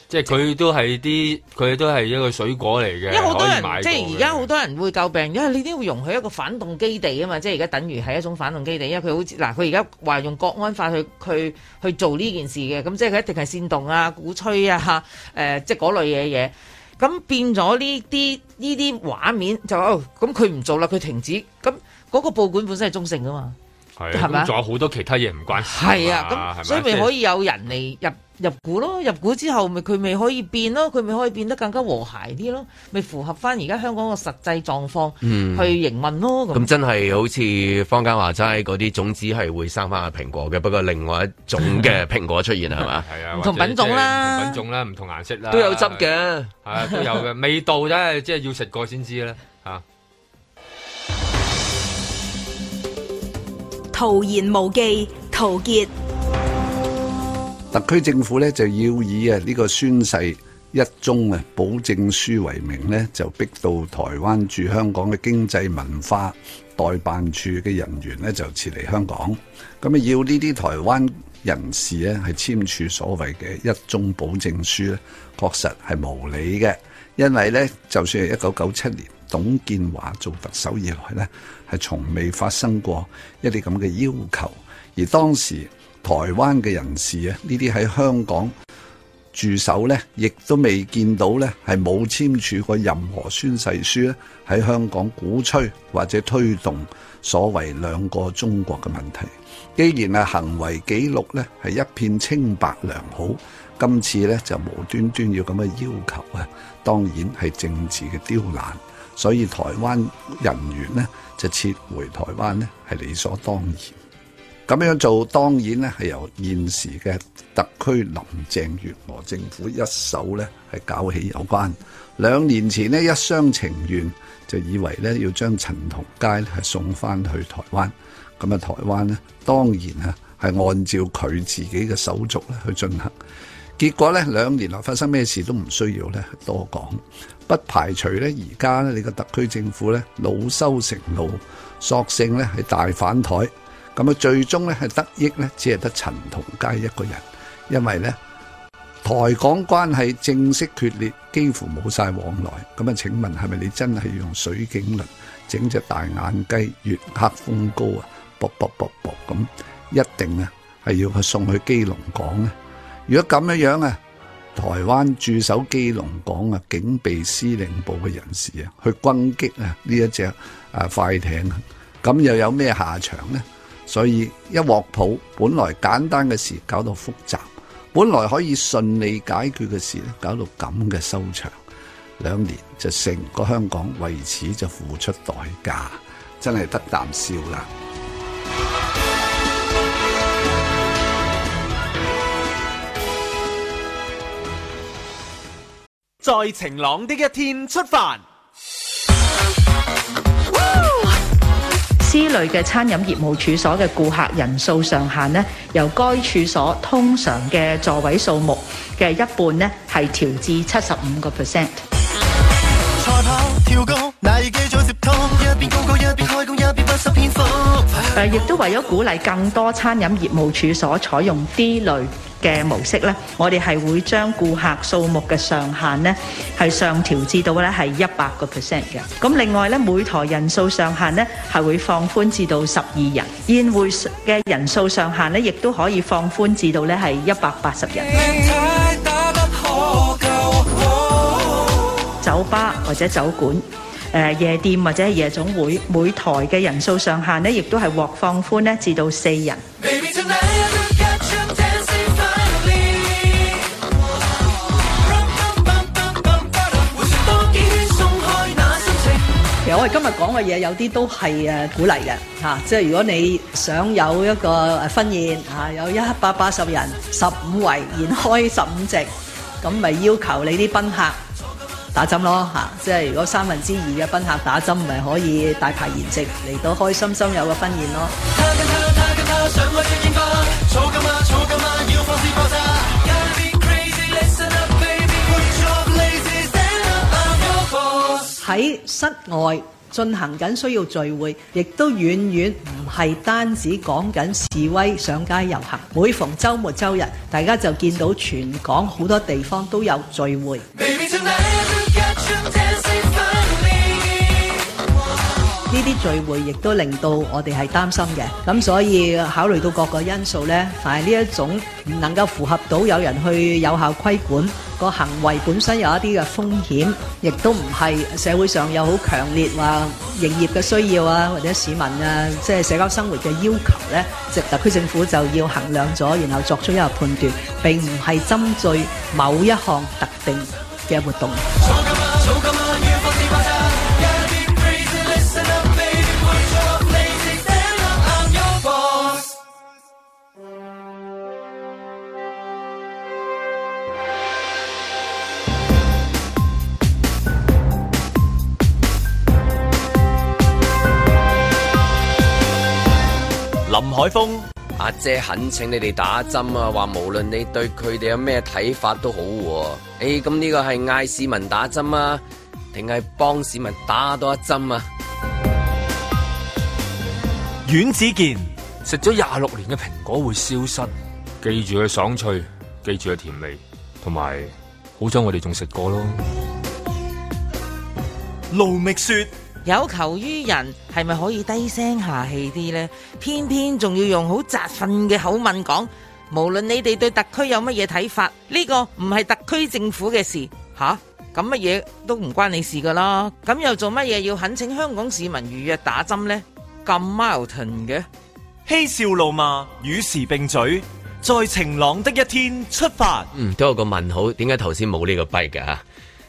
即係佢都係啲，佢都係一個水果嚟嘅。因為好多人即係而家好多人會詬病，因為呢啲要容許一個反動基地啊嘛。即係而家等於係一種反動基地，因為佢好似嗱，佢而家話用國安法去去去做呢件事嘅，咁即係佢一定係煽動啊、鼓吹啊、呃、即係嗰類嘢嘢。咁變咗呢啲呢啲畫面就哦，咁佢唔做啦，佢停止咁，嗰個報館本身係中性噶嘛。係，咁仲是吧有好多其他嘢唔關事。係啊，咁吧所以咪可以有人嚟入入股咯，入股之後咪佢咪可以變咯，佢咪可以變得更加和諧啲咯，咪符合翻而家香港個實際狀況去營運咯。咁、嗯、樣真係好似坊間話齋，嗰啲種子係會生翻個蘋果嘅，不過另外一種嘅蘋果出現係嘛？係 吧啊，唔同品種啦，品種啦，唔同顏色啦、啊，都有汁嘅， 啊都有嘅，味道真係即係要食過先知咧，嚇。陶言無忌，陶傑。特區政府咧就要以啊呢個宣誓一中啊保證書為名咧，就逼到台灣駐香港嘅經濟文化代辦處嘅人員咧就撤離香港。咁啊要呢啲台灣人士咧係簽署所謂嘅一中保證書咧，確實係無理嘅，因為咧就算係一九九七年董建華做特首以來咧。係從未發生過一啲咁嘅要求，而當時台灣嘅人士啊，呢啲喺香港駐守呢，亦都未見到呢係冇簽署過任何宣誓書咧，喺香港鼓吹或者推動所謂兩個中國嘅問題。既然啊行為紀錄呢係一片清白良好，今次呢就無端端要咁嘅要求啊，當然係政治嘅刁難。所以台灣人員呢就撤回台灣呢係理所當然，咁樣做當然呢係由現時嘅特區林鄭月娥政府一手呢係搞起有關。兩年前呢，一廂情願就以為呢要將陳同佳呢係送返去台灣，咁啊台灣呢當然啊係按照佢自己嘅手續呢去進行，結果呢，兩年來發生咩事都唔需要呢多講。不排除咧，而家咧你個特區政府咧老羞成怒，索性咧係大反台，咁啊最終咧係得益咧只係得陳同佳一個人，因為咧台港關係正式決裂，幾乎冇晒往來。咁啊，請問係咪你真係用水警輪整隻大眼雞，月黑風高啊，搏搏搏搏咁，一定啊係要去送去基隆港咧？如果咁樣樣啊？台灣駐守基隆港啊，警備司令部嘅人士啊，去轟擊啊呢一隻啊快艇啊，咁又有咩下場呢？所以一鑊泡，本來簡單嘅事搞到複雜，本來可以順利解決嘅事咧，搞到咁嘅收場。兩年就成個香港為此就付出代價，真係得啖笑啦！在晴朗的一天出發。Woo! C 類嘅餐飲業務處所嘅顧客人數上限咧，由該處所通常嘅座位數目嘅一半咧，係調至七十五個 percent。 呃、亦都為咗鼓勵更多餐飲業務處所採用啲類嘅模式呢，我哋係會將顧客數目嘅上限呢係上調至到呢係一百個 percent 嘅。咁另外呢，每台人數上限呢係會放寬至到十二人，宴會嘅人數上限呢亦都可以放寬至到呢係一百八十人。哦、酒吧或者酒館。誒夜店或者夜總會，每台嘅人數上限呢，亦都係獲放寬呢，至到四人。其實我哋今日講嘅嘢，有啲都係誒鼓勵嘅嚇，即係如果你想有一個婚宴嚇，有一百八十人，十五圍，現開十五席，咁咪要求你啲賓客。打針咯嚇，即係如果三分之二嘅賓客打針，咪可以大排筵席嚟到開心心有個婚宴咯。喺室外進行緊需要聚會，亦都遠遠唔係單止講緊示威上街遊行。每逢週末週日，大家就見到全港好多地方都有聚會。聚會亦都令到我哋係擔心嘅，咁所以考慮到各個因素咧，係呢一種唔能夠符合到有人去有效規管，那個行為本身有一啲嘅風險，亦都唔係社會上有好強烈話，啊、營業嘅需要啊，或者市民啊，即係社交生活嘅要求咧，直特區政府就要衡量咗，然後作出一個判斷，並唔係針對某一項特定嘅活動。林海峰，阿姐懇請你哋打針啊！話無論你對佢哋有咩睇法，都好，誒、哎，咁呢個係嗌市民打針啊，定係幫市民打多一針啊？阮子健，食咗廿六年嘅蘋果會消失，記住佢爽脆，記住佢甜味，同埋好彩我哋仲食過咯。盧覓雪。有求於人，係咪可以低聲下氣啲呢？偏偏仲要用好扎憤嘅口吻講，無論你哋對特區有乜嘢睇法，呢個唔係特區政府嘅事，吓、啊，咁乜嘢都唔關你事噶啦。咁又做乜嘢要懇請香港市民預約打針呢？咁矛盾嘅，嬉笑怒罵，與時並嘴，在晴朗的一天出發。嗯，都有個問號，點解頭先冇呢個碑㗎？」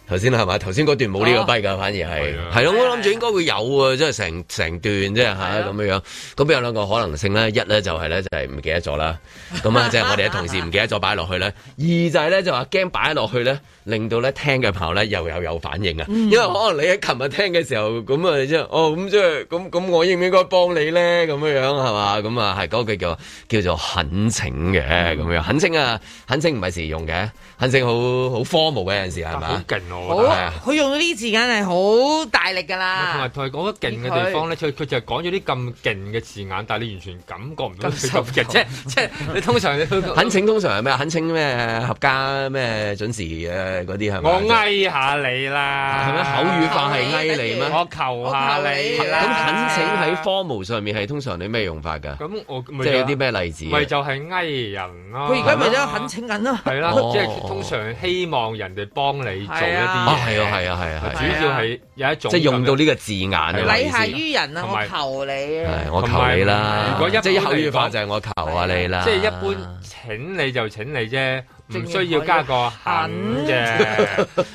頭先啦係嘛，頭先嗰段冇呢個跛噶，反而係係咯，我諗住應該會有喎，即係成成段即係，吓咁樣樣，咁有兩個可能性咧？一咧就係咧就係唔記得咗啦，咁啊即係我哋同事唔記得咗擺落去呢。二就係咧就話驚擺落去咧，令到咧聽嘅朋友咧又有有反應啊。因為可能你喺琴日聽嘅時候，咁啊即係哦咁即係咁咁，我應唔應該幫你咧？咁樣樣係嘛？咁啊係嗰句叫叫做懇請嘅咁樣，懇請啊懇請唔係時用嘅，懇請好好荒謬嘅有陣時係嘛？好，佢用啲字眼係好大力噶啦。同埋佢講得勁嘅地方咧，佢佢就係講咗啲咁勁嘅字眼，但係你完全感覺唔到咁，即即你通常懇請通常係咩？懇請咩？合家咩？準時誒嗰啲係咪？我哀下你啦，係咪口語化係哀你咩？我求下你啦。咁懇請喺 formal 上面係通常你咩用法㗎？咁我即係有啲咩例子？咪就係哀人咯。佢而家咪咗懇請緊咯。係啦，即係通常希望人哋幫你做。啊，係啊，係啊，係啊，主要係有一種即係用到呢個字眼啊，禮下於人啊，我求你，我求你啦，即係一口語法就係我求下你啦，即係一般請你就請你啫，唔需要加個懇嘅，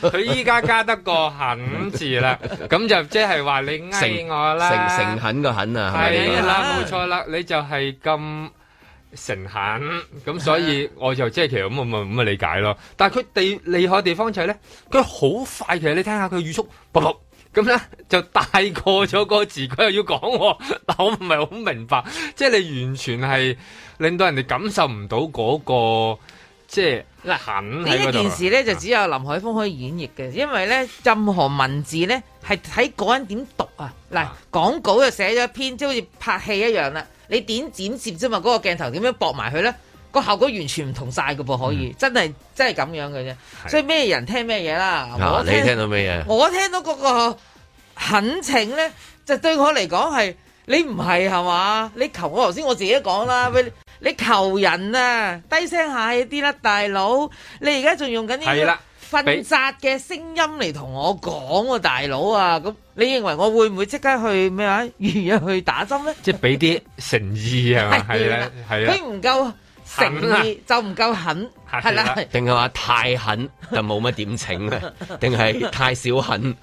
佢依家加得個懇字啦，咁就即係話你嗌我啦，誠誠懇嘅懇啊，係啦，冇錯啦，你就係咁。誠懇咁，所以我就即係其實咁咁咁咁理解咯。但係佢地厲害嘅地方就係咧，佢好快。其實你聽下佢語速，噉咧就大過咗個字，佢又要講。但我唔係好明白，即係你完全係令到人哋感受唔到嗰個即係嗱，懇呢一件事咧，啊、就只有林海峰可以演繹嘅，因為咧任何文字咧係睇嗰人點讀啊。嗱，講稿就寫咗一篇，即係好似拍戲一樣啦。你點剪接啫嘛？嗰、嗰個鏡頭點樣駁埋佢咧？個效果完全唔同晒嘅噃，可以、嗯、真係真係咁樣嘅啫。是的 所以咩人聽咩嘢啦？啊、我聽你聽到咩嘢？我聽到嗰個懇請咧，就對我嚟講係你唔係係嘛？你求我頭先我自己講啦是的，你求人啊，低聲下氣啲啦，掉掉大佬，你而家仲用緊呢、啲嘢？混雜嘅聲音嚟同我講、啊，大佬啊，咁你認為我會唔會即刻去咩話？預 約去打針咧？即係俾啲誠意，誠意啊。係係啦，係啦，佢唔夠誠意就唔夠狠。係啦，定係話太狠就冇乜點請啊？定係太少狠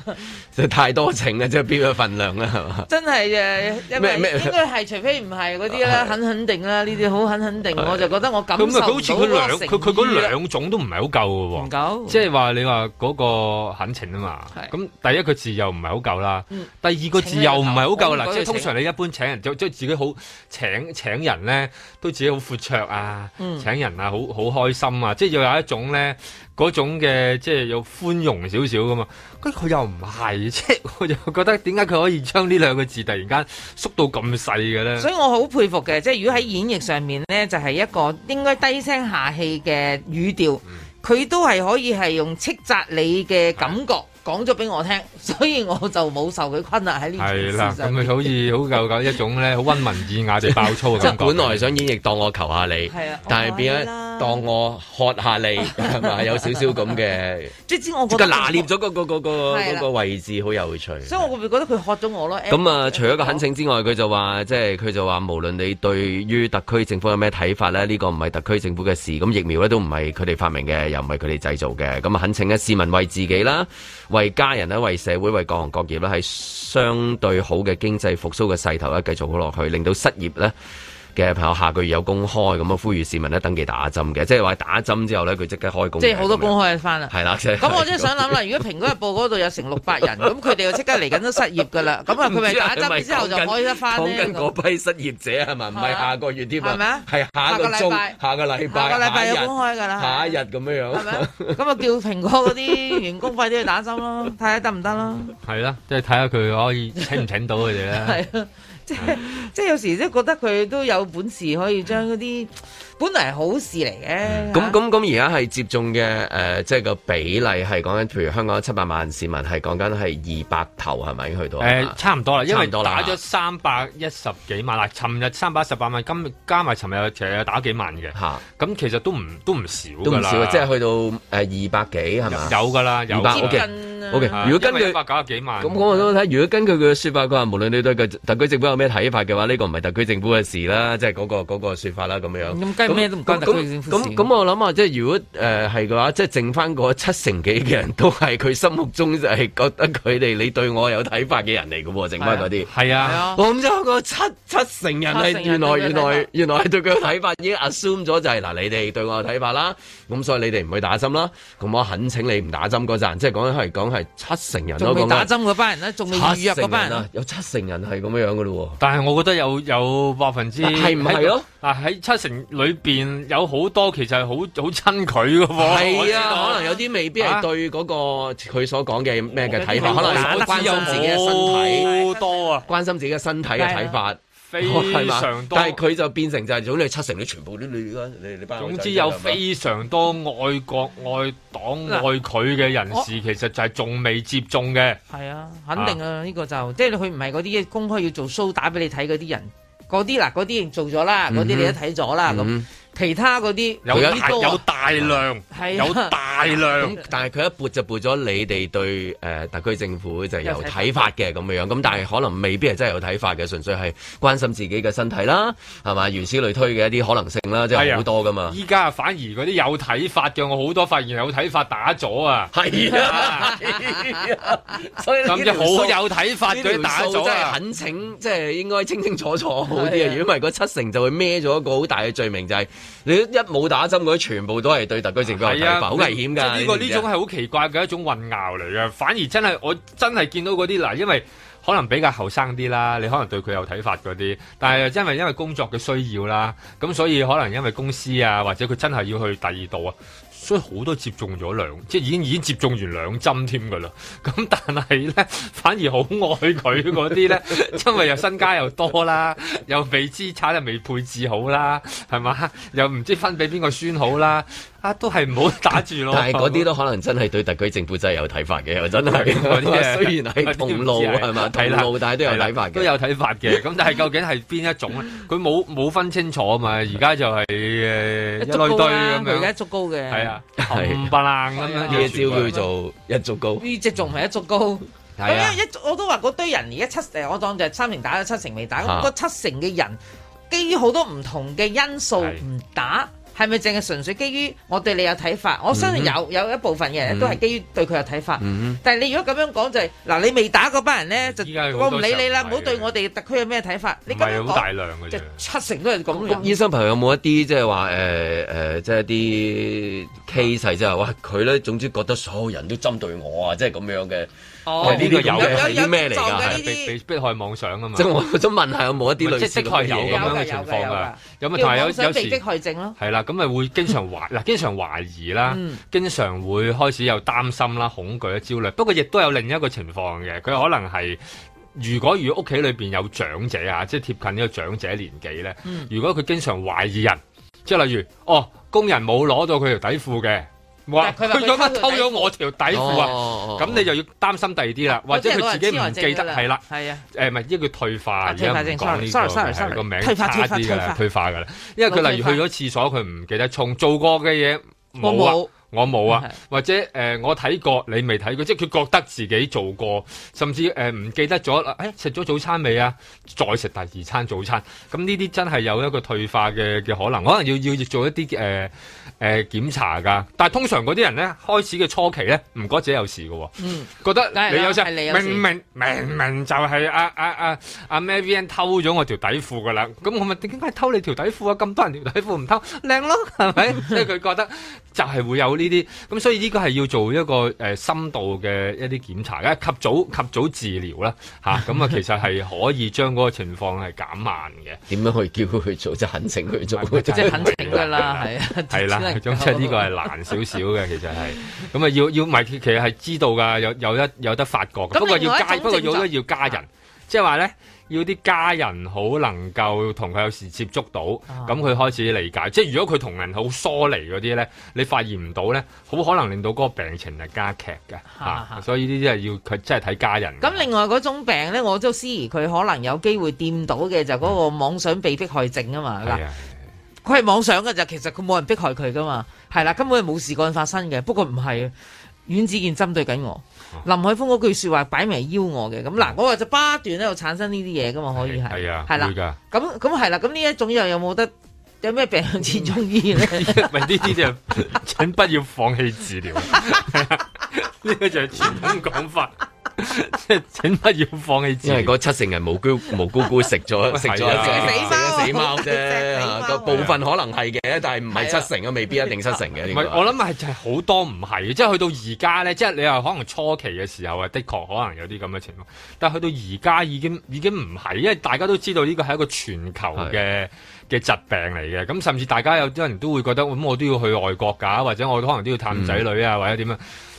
就太多請啊？即係標嘅份量啦，係嘛？真係誒，應該係除非唔係嗰啲啦，肯肯定啦，呢啲好肯肯定。我就覺得我感受到咁，好似佢兩佢佢兩種都唔係好夠嘅喎，唔夠。即係話你話嗰個懇請啊嘛，咁第一個字又唔係好夠啦，第二個字又唔係好夠嗱。即係通常你一般請人，即即係自己好請請人咧，都自己好闊綽啊，請人啊，好好開心。即係又有一種咧，嗰種嘅即係要寬容少少噶嘛，佢佢又唔係即係我就覺得點解佢可以將呢兩個字突然間縮到咁細嘅咧？所以我好佩服嘅，即係如果喺演繹上面咧，就係、是、一個應該低聲下氣嘅語調佢、嗯、都係可以係用斥責你嘅感覺。講咗俾我聽，所以我就冇受佢困擾喺呢度。係啦，咁佢好似好夠夠一種咧，好溫文爾雅地爆粗咁講。 本來想演繹當我求下你，係啊，但係變咗當我喝下你，係咪？有少少咁嘅。即係知我個拿捏咗嗰、那個說、那個、那個、那個位置好有趣。所以我會唔會覺得佢喝咗我咯？咁啊，除咗個懇請之外，佢就話即係佢就話，無論你對於特區政府有咩睇法咧，呢、這個唔係特區政府嘅事。咁疫苗咧都唔係佢哋發明嘅，又唔係佢哋製造嘅。咁啊懇請咧，市民為自己啦。為家人咧，為社會，為各行各業咧，係相對好嘅經濟復甦嘅勢頭咧，繼續好落去，令到失業咧。朋友下個月有公開咁啊，呼籲市民咧登記打針嘅，即係話打針之後咧，佢即刻開工，即係好多公開翻啦。係啦，咁我真係想諗啦，如果蘋果日報嗰度有成六百人，咁佢哋就即刻嚟緊都失業噶啦，咁啊佢咪打針之後就可以得翻呢，講緊嗰批失業者係咪？唔係下個月添啊？係咪啊？係下個禮拜，下個禮拜，下個禮拜有公開噶啦，下一日咁樣樣。係咁啊，叫蘋果嗰啲員工快啲去打針咯，睇下得唔得咯？係啦，即係睇下佢可以請唔請到佢哋咧？係嗯、即係，有時即係覺得佢都有本事可以將嗰啲本嚟，好事嚟嘅。咁咁咁而家係接種嘅，誒、即、呃、係、就是，個比例係講緊，譬如香港七百萬市民係講緊係二百頭係咪已經去到？誒、呃，差唔多啦，因為打咗三百一十幾萬啦。尋日三百一十八萬，今加埋尋日打幾萬嘅。吓，咁其實都唔都唔少噶啦都唔少，即係去到誒二百幾係嘛？有噶啦，有 O.K. 如果根據百九啊幾萬咁，我睇如果根據佢嘅説法，佢話無論你對個特區政府有咩睇法嘅話，呢、呢個唔係特區政府嘅事啦，即係嗰個嗰個説法啦，咁樣。咁咩都唔關特區政府事？咁咁我諗啊，即係如果誒係嘅話，即係剩翻嗰七成幾嘅人、嗯、都係佢心目中係覺得佢哋你對我有睇法嘅人嚟嘅喎，剩翻嗰啲。係啊，啊我諗咗嗰七七成人，七成人原來原來原來係對佢嘅睇法已經 assume 咗就係、係、嗱，你哋對我嘅睇法啦。咁所以你哋唔去打針啦。咁我懇請你唔打針嗰陣，即係講嚟講。講講講講係七成人仲未打針嗰班人咧，仲未預約嗰班人、人、啊，有七成人係咁樣樣嘅咯。但係我覺得有有百分之係唔係咯？但喺七成裏邊有好多其實係好好親佢嘅喎。係啊的，可能有啲未必係對嗰個佢所講嘅咩嘅睇法，啊、可能係關心自己嘅身體多啊，關心自己嘅身體嘅睇法。非常多，但係佢就變成就係，如果你七成你全部都你啦，你你。總之有非常多愛國愛黨愛佢嘅人士，其實就係仲未接種嘅。係啊，肯定啊，呢個就即係佢唔係嗰啲公開要做 show 打俾你睇嗰啲人，嗰啲嗱嗰啲已經做咗啦，嗰啲你都睇咗啦咁。其他嗰啲有,、啊、有大有大量，有大量，但係佢一撥就撥咗你哋對誒、呃、特區政府就有睇法嘅咁樣，咁但係可能未必係真係有睇法嘅，純粹係關心自己嘅身體啦，係嘛？如此類推嘅一啲可能性啦，即係好多噶嘛。依家、啊、反而嗰啲有睇法嘅，我好多發現有睇法打咗啊，係啊，啊 所以咁就好有睇法嘅打咗、啊，即係懇請，即係應該清清楚楚好啲啊！如果唔係，嗰七成就會孭咗一個好大嘅罪名就係、是。你一冇打針佢啲，全部都係對特區政府有睇法，係啊，好危險㗎！呢個呢種係好奇怪嘅一種混淆嚟嘅，反而真係我真係見到嗰啲嗱，因為可能比較後生啲啦，你可能對佢有睇法嗰啲，但係因為因為工作嘅需要啦，咁所以可能因為公司啊，或者佢真係要去第二度啊。所以好多接種咗兩，即係已經已經接種完兩針添噶啦。咁但係咧，反而好愛佢嗰啲咧， 因為又身家又多啦，又未資產又未配置好啦，係嘛？又唔知分俾邊個孫好啦。啊，都係唔好打住咯！但係嗰啲都可能真係對特區政府真係有睇法嘅，又真係嗰啲嘢。雖然係同路係嘛，同路但係都有睇法嘅，都有睇法嘅。咁但係究竟係邊一種咧？佢冇冇分清楚啊嘛！而家就係一堆一堆咁樣，一足高嘅，係啊，係唔巴楞咁樣，一招佢做一足高。呢隻仲係一足高，一我都話嗰堆人而家七成，我當就係三成打，七成未打。嗰七成嘅人，基於好多唔同嘅因素，唔打。係咪淨係純粹基於我對你有睇法？我相信有有一部分嘅人都係基於對佢有睇法。但係你如果咁樣講就係，嗱你未打嗰班人咧，就我唔理你啦，唔好對我哋特區有咩睇法。唔係好大量嘅啫，七成都係咁。醫生朋友有冇一啲即係話誒誒，即係啲 case 即係，哇！佢咧總之覺得所有人都針對我啊，即係咁樣嘅。呢個有咩嚟噶？係被被逼害妄想啊嘛。即我想問下有冇一啲類似有咁樣嘅情況噶？有咪？但係有有被迫害症咯，咁咪會經常懷嗱，經常懷疑啦，經常會開始有擔心啦、恐懼啊焦慮，不過亦都有另一個情況嘅，佢可能係，如果如屋企裏邊有長者啊，即係貼近呢個長者年紀咧，如果佢經常懷疑人，即係例如哦，工人冇攞到佢條底褲嘅。佢做乜偷咗我條底褲啊？咁、哦、你就要擔心第二啲啦，啊、或者佢自己唔記得係啦。係啊，誒咪即係叫退化，即係唔講呢個係個 sorry，名差啲啦，退化㗎啦。因為佢例如去咗廁所，佢唔記得從做過嘅嘢，冇冇。我冇啊，或者誒、呃、我睇過，你未睇過，即係佢覺得自己做過，甚至誒唔、呃、記得咗啦。食、哎、咗早餐未啊？再食第二餐早餐。咁呢啲真係有一個退化嘅嘅可能，可能要要做一啲誒誒檢查噶。但係通常嗰啲人咧，開始嘅初期咧，唔覺得自己有事嘅喎、哦。嗯，覺得你有事，有事明明，明？明明就係阿阿阿阿 Marianne 偷咗我條底褲噶啦。咁我咪點解偷你條底褲啊？咁多人條底褲唔偷，靚咯，係咪？ 即係佢覺得就係會有。呢啲咁，所以呢個係要做一個誒、呃、深度嘅一啲檢查，梗係及早及早治療啦嚇。咁啊、嗯，其實係可以將嗰個情況係減慢嘅。點 樣去叫佢去做？即勸請佢做，即係勸請㗎啦，係啊。係啦、啊，即係呢個係難少少嘅，其實係。咁啊，要要，咪其實係知道㗎，有有得有得發覺嘅。不過要加，不過要都要加人，即係話咧。要啲家人好能夠同佢有時接觸到，咁佢、啊、開始理解。即係如果佢同人好疏離嗰啲咧，你發現唔到咧，好可能令到嗰個病情係加劇嘅。嚇、啊，啊、所以呢啲係要佢真係睇家人的。咁、啊、另外嗰種病咧，我都思疑佢可能有機會掂到嘅就係嗰個妄想被迫害症啊嘛。嗱、嗯，佢係、啊啊啊、妄想嘅就其實佢冇人逼害佢噶嘛，係啦、啊，根本係冇事幹發生嘅。不過唔係，阮子健針對緊我。林海峰嗰句說話擺明邀我嘅，咁嗱，我話就巴段咧有產生呢啲嘢噶嘛，可以係，係啦，咁咁係啦，咁呢一種又有冇得有咩病治中醫咧？唔係呢啲就請不要放棄治療，呢個 就係傳統講法。 請不要放棄治療，因為嗰七成人無辜無辜辜食咗食咗死貓死貓啫，部分可能係嘅，但係唔係七成，未必一定七成嘅。唔係，我諗係就係好多唔係，即係去到而家咧，即係你話可能初期嘅時候啊，的確可能有啲咁嘅情況，但係去到而家已經已經唔係，因為大家都知道呢個係一個全球嘅嘅疾病嚟嘅，咁甚至大家有啲人都會覺得咁我都要去外國噶，或者我可能都要探仔女啊，或者點樣。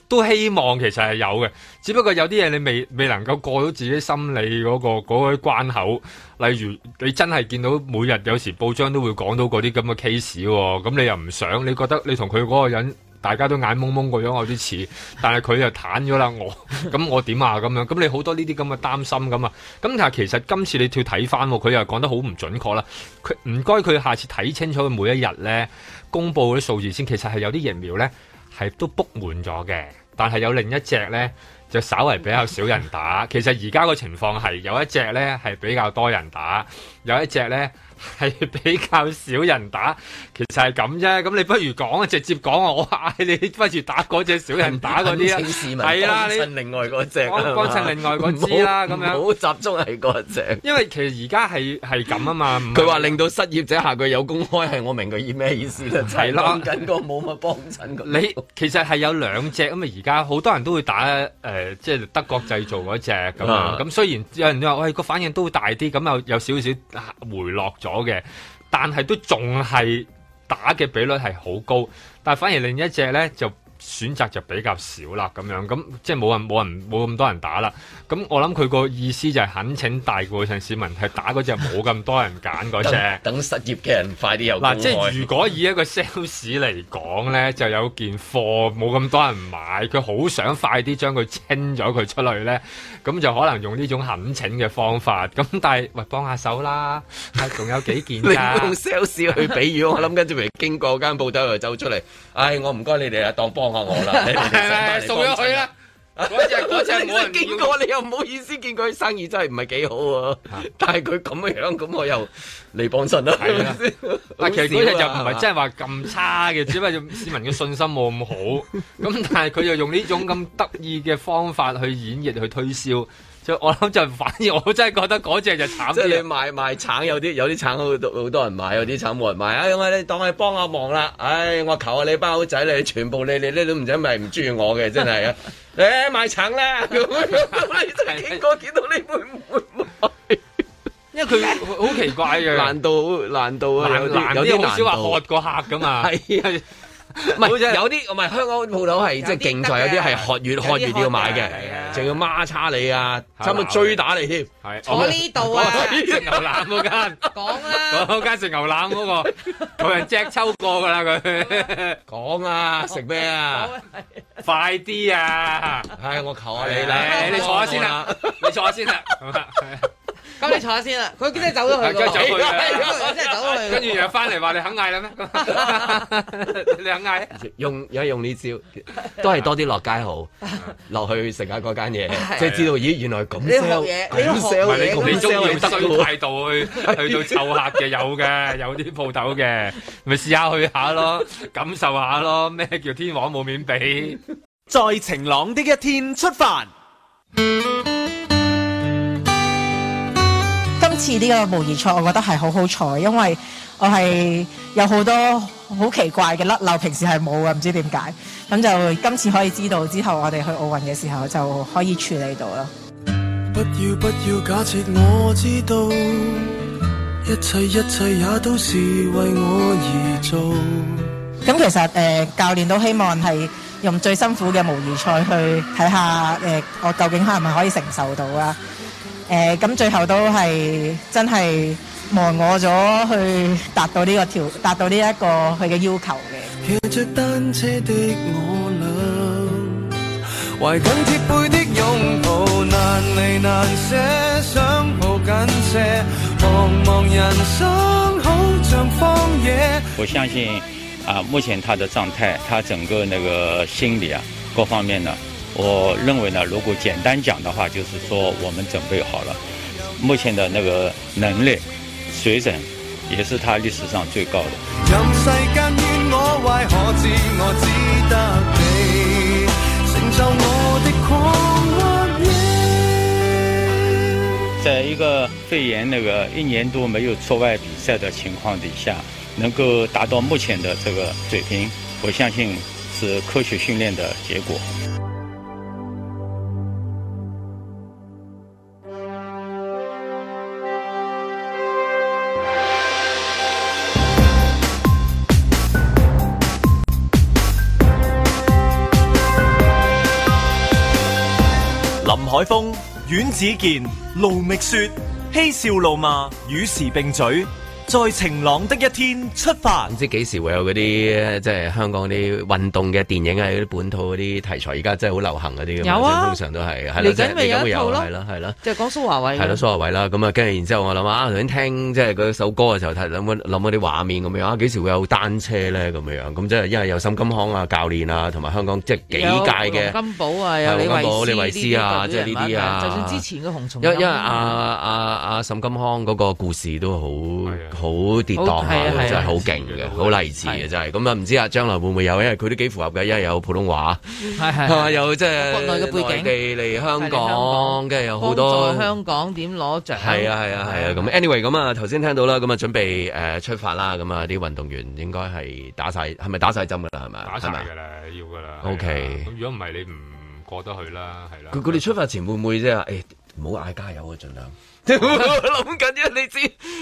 都希望其實係有嘅，只不過有啲嘢你未未能夠過到自己心理嗰個嗰個關口。例如你真係見到每日有時報章都會講到嗰啲咁嘅 case 喎，咁、哦、你又唔想，你覺得你同佢嗰個人大家都眼蒙蒙個樣有啲似，但係佢又坦咗啦我。咁 我點啊咁樣？咁你好多呢啲咁嘅擔心咁啊？咁但係其實今次你跳睇翻，佢又講得好唔準確啦。佢唔該，佢下次睇清楚佢每一日咧公佈嗰啲數字先。其實係有啲疫苗咧。係都 book 滿咗嘅，但係有另一隻呢，就稍微比較少人打。 其實而家個情況係有一隻呢，係比較多人打，有一隻呢。係比較少人打，其實係咁啫。咁你不如講啊，直接講我嗌你，你不如打嗰隻少人打嗰啲啊。係啦，你幫襯另外嗰隻啦，唔好唔好集中係嗰隻。因為其實而家係係咁啊嘛。佢話令到失業者下個月有工開，係我明佢意咩意思啦。係咯，講緊個冇乜幫襯你其實係有兩隻咁啊。而家好多人都會打誒、呃，即係德國製造嗰隻咁。咁、啊、雖然有人話喂個反應都會大啲，咁又有，有少少回落咗。嘅，但係都仲係打嘅比率係好高，但反而另一隻呢就。選擇就比較少啦，咁樣咁即係冇人冇人冇咁多人打啦。咁我諗佢個意思就係懇請大部分市民係打嗰隻冇咁多人揀嗰隻，等失業嘅人快啲有嗱。即係如果以一個 sales 嚟講咧，就有件貨冇咁多人買，佢好想快啲將佢清咗佢出去咧，咁就可能用呢種懇請嘅方法。咁但係喂幫下手啦，仲有幾件？你 唔好用 sales 去比喻，我諗跟住咪經過間鋪頭又走出嚟。唉，我唔該你哋啊，當幫。 我啦，你你送咗佢啦。嗰次嗰次冇見過，你又唔好意思見佢生意真係唔係幾好喎，啊。啊、但係佢咁嘅樣，咁我又嚟幫襯啦，係咪先？ 但其實呢啲就唔係真係話咁差嘅，只不過市民嘅信心冇咁好。咁 但係佢就用呢種咁得意嘅方法去演繹去推銷。我諗就反而我真係覺得嗰隻就慘啲即係你賣賣橙有啲有啲橙好多好多人買有啲橙冇人買啊！咁、哎、啊你當係幫下忙啦！唉、哎，我求下你包仔你全部你你咧都唔使咪唔住我嘅真係啊！誒、 哎，賣橙啦咁，你見過 見到你會唔會因為佢好奇怪嘅。難度難度難難有啲好少話喝個客噶嘛。係啊。唔係有啲唔係香港鋪頭係即係競賽，有啲係學越學越要買嘅，仲要孖叉你啊，差唔多追打你添。坐呢度啊，食牛腩嗰間。講啊，嗰間食牛腩嗰個同人隻抽過噶啦佢。講啊，食咩啊？快啲啊！唉我求下你啦，你坐下先啦，你坐下先啦。咁你坐下先啦，佢叫你走咗去，真係走咗去。跟住又翻嚟話你肯嗌啦咩？你肯嗌？用而家用呢招，都係多啲落街好，落去食下嗰間嘢，即係知道咦，原來咁香，咁香嘅。唔係你冇面要得嘅態度去，去到湊客嘅有嘅，有啲鋪頭嘅，咪試下去下咯，感受下咯，咩叫天王冇面俾？在晴朗的一天出發。今次呢個模擬賽，我覺得係好好彩，因為我係有好多好奇怪嘅甩漏，平時係冇嘅，唔知點解。咁就今次可以知道，之後我哋去奧運嘅時候就可以處理到啦。不要不要假設我知道一切一切也都是為我而做。咁其實誒、呃，教練都希望係用最辛苦嘅模擬賽去睇下誒、呃，我究竟係咪可以承受到啊？誒，咁、嗯、最後都係真係忘我咗去達到呢個條，達到呢一個佢嘅要求嘅。我相信，啊，目前他的狀態，他整個那個心理啊，各方面呢。我認為呢，如果簡單講的話，就是說我們準備好了，目前的那個能力水準，也是他歷史上最高的。在一個肺炎那個一年多沒有出外比賽的情況底下，能夠達到目前的這個水平，我相信是科學訓練的結果。阮子健、盧覓雪，嬉笑怒罵與時並嘴。在晴朗的一天出發，唔知幾時會有嗰啲即係香港啲運動嘅電影啊，啲本土嗰啲題材，而家真係好流行嗰啲咁，有啊、通常都係啊，嚟緊咪有套咯，係咯係咯，即係講蘇樺偉，係咯蘇樺偉啦。咁啊，跟住然之後我諗啊，頭先聽即係嗰首歌嘅時候，睇諗嗰啲畫面咁樣啊，幾時會有單車咧咁樣？咁即係因為有沈金康啊、教練啊，同埋香港即係、就是、幾屆嘅金寶啊，有李慧詩啊，即係呢啲啊。啊啊就算之前嘅洪松蔭因為阿阿沈金康嗰個故事都好。好跌宕真係好勁嘅，好勵志嘅真係。咁啊，唔知啊，將來會唔會有？因為佢都幾符合嘅，因為有普通話，係係，有即係國內嘅背景，嚟香港，跟住有好多香港點攞獎？係啊係啊係啊咁。Anyway，咁啊，頭先聽到啦，咁啊，準備誒出發啦，咁啊，啲運動員應該係打晒，係咪打晒針噶啦？係咪？打晒噶啦，要噶啦。OK，咁如果唔係你唔過得去啦，係啦。佢哋出發前會唔會即係誒，唔好嗌加油啊，盡量諗緊啫，你知。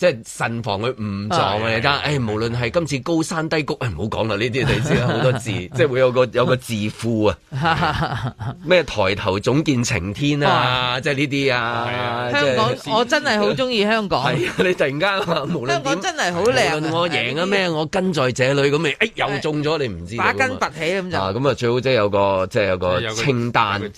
即係慎防佢誤撞啊！而家，誒，無論係今次高山低谷，唔好講啦，呢啲你知啦，好多字，即係會有個有個字庫啊！咩抬頭總見晴天啊！即係呢啲啊！香港，我真係好中意香港。你突然間，無論我贏咗咩，我跟在這裡咁咪，哎，又中咗你唔知？把根拔起咁就啊！咁啊，最好即係有個即係有個清單，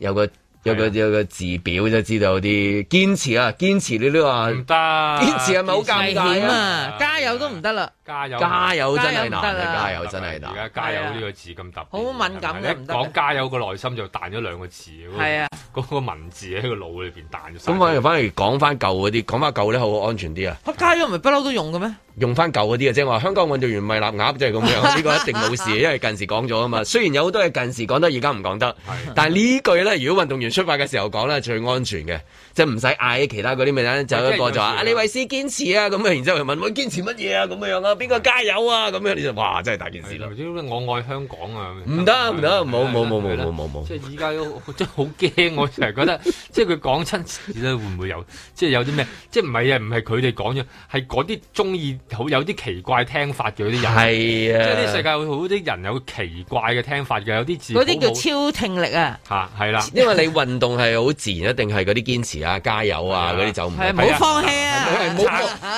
有個。有個有個字表就知道啲堅持啊，堅持你都話唔得，堅行持係咪好尷尬啊，加油都唔得啦。加油！加油真係難啊！加油真係難啊！加油呢個字咁特別，好敏感，一講加油個內心就彈咗兩個字。係啊，嗰個文字喺個腦裏邊彈咗。咁反而反而講翻舊嗰啲，講翻舊咧好安全啲啊！加油唔係不嬲都用嘅咩？用翻舊嗰啲啊。即係我話香港運動員米立鴨就係咁樣，呢個一定冇事，因為近時講咗啊嘛。雖然有好多嘢近時講得而家唔講得，但係呢句咧，如果運動員出發嘅時候講咧，最安全嘅，即係唔使嗌其他嗰啲咪。就一個就話李維斯堅持啊，咁樣。然之後問我堅持乜嘢啊，咁樣樣邊個加油啊？咁樣你就哇，真係大件事啦！我愛香港啊！唔得唔得，冇冇冇冇冇冇冇！即係依家都真係好驚，我成日覺得，即係佢講親，會唔會有即係有啲咩？即係唔係啊？唔係佢哋講咗，係嗰啲鍾意好有啲奇怪聽法嘅嗰啲人。係啊！即係啲世界好啲人有奇怪嘅聽法嘅，有啲字嗰啲叫超聽力啊！嚇係啦，因為你運動係好自然，一定係嗰啲堅持啊、加油啊嗰啲就唔係唔好放棄啊！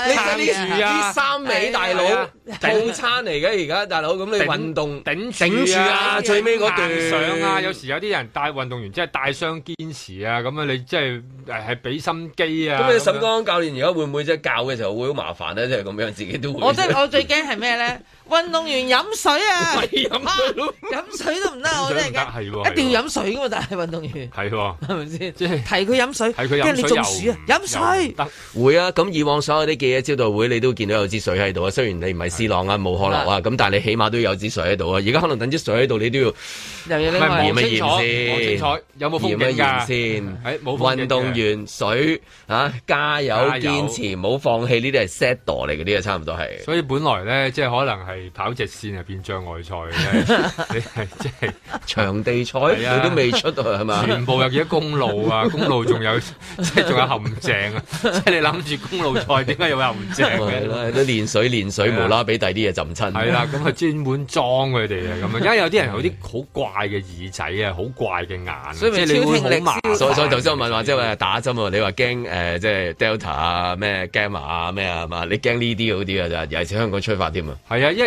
你嗰啲啲三尾大佬。套餐嚟嘅而家，大佬咁你運動頂住啊，住啊最尾嗰段上啊，有時有啲人帶運動員即係帶傷堅持啊，咁啊你即係誒係俾心機啊。咁你樣沈剛教練而家會唔會即係教嘅時候會好麻煩咧？即係咁樣，自己都會我真我最驚係咩咧？ 運動員飲水啊，飲水都唔得，真係嘅，一定要飲水噶嘛。但係運動員係，係咪先即係提佢飲水，即係你中暑啊，飲水會啊。咁以往所有啲記者招待會，你都見到有支水喺度啊。雖然你唔係 C 朗啊，冇可樂啊，咁但係你起碼都有支水喺度啊。而家可能等支水喺度，你都要係冇乜嘢先，有冇風景噶？運動員水啊，加油，堅持，唔好放棄。呢啲係 set 嚟嘅，呢個差唔多係。所以本來咧，即係可能係。跑直線啊變障礙賽，你係即係場地賽，你都未出啊，係嘛？全部有幾多公路啊？公路仲有即係仲有陷阱啊！即係你諗住公路賽，點解又有陷阱嘅？都練水練水，無啦啦俾第啲嘢浸親。係啦，咁啊專門裝佢哋啊咁樣。因為有啲人有啲好怪嘅耳仔啊，好怪嘅眼，所以你會好麻。所以頭先我問話，即係打針啊？你話驚誒，即係 Delta 啊，咩 Gamma 啊，咩啊嘛？你驚呢啲好啲啊？咋？尤其是香港出發添啊！係啊，因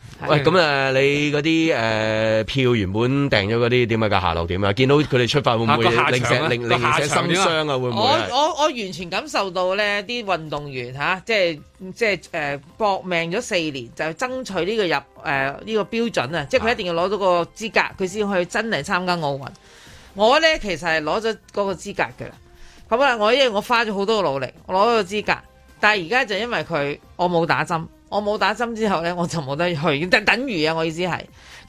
喂，咁你嗰啲誒票原本訂咗嗰啲點解？個下落點啊？見到佢哋出發會唔會令 下令令,下令心傷啊？會唔會我？我我我完全感受到咧，啲運動員、啊、即係即係誒搏命咗四年，就爭取呢個入誒呢、呃呢個標準啊！即係佢一定要攞到個資格，佢先的去真嚟參加奧運。我咧其實係攞咗嗰個資格啦咁啊，我因為我花咗好多努力，我攞到個資格，但係而家就因為佢，我冇打針。我冇打針之後呢，我就冇得去，等於啊！我意思係，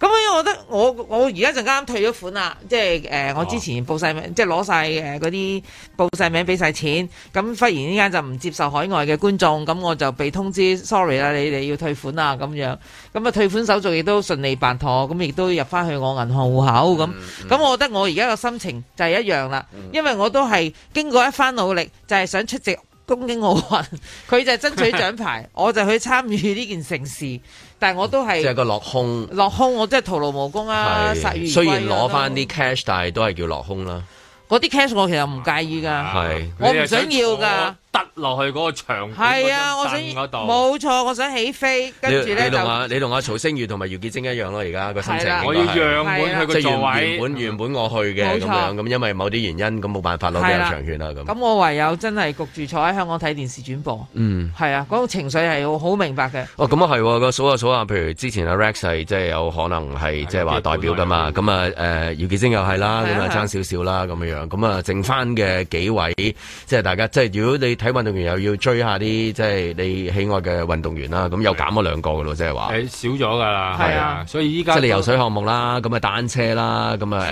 咁我覺得我我而家陣間退咗款啦，即係誒、呃，我之前報晒名，哦、即係攞晒誒嗰啲報晒名俾晒錢，咁忽然之間就唔接受海外嘅觀眾，咁我就被通知 sorry 啦，你哋要退款啦咁樣，咁啊退款手續亦都順利辦妥，咁亦都入翻去我銀行戶口咁，咁、嗯、我覺得我而家嘅心情就係一樣啦，嗯、因為我都係經過一番努力，就係、是、想出席。東京奧運，佢就係爭取獎牌， 我就去參與呢件盛事，但係我都係即係個落空，落空，我真係徒勞無功啊！是啊雖然攞翻啲 cash，但係都係叫落空啦，啊。嗰啲 cash 我其實唔介意噶，是我唔想要噶。突落去嗰個場，係啊！我想冇錯，我想起飛，跟住咧你同阿曹星如同埋姚潔晶一樣咯，而家個心情我要讓，原本佢個座位原本原本我去嘅咁樣咁，因為某啲原因咁冇辦法攞到入場券啦咁。咁我唯有真係焗住坐喺香港睇電視轉播。嗯，係啊，嗰個情緒係好明白嘅。哦，咁啊係個數下數下，譬如之前阿 Rex 係，即係有可能係即係話代表噶嘛，咁啊誒姚潔晶又係啦，咁啊爭少少啦咁樣樣，咁啊剩翻嘅幾位即係大家即係如果你。喺運動員又要追下啲即係你喜愛嘅運動員啦，咁又減咗兩個嘅咯，即係話。係少咗噶，係啊，係啊，所以依家即係你游水項目啦，咁啊單車啦，咁啊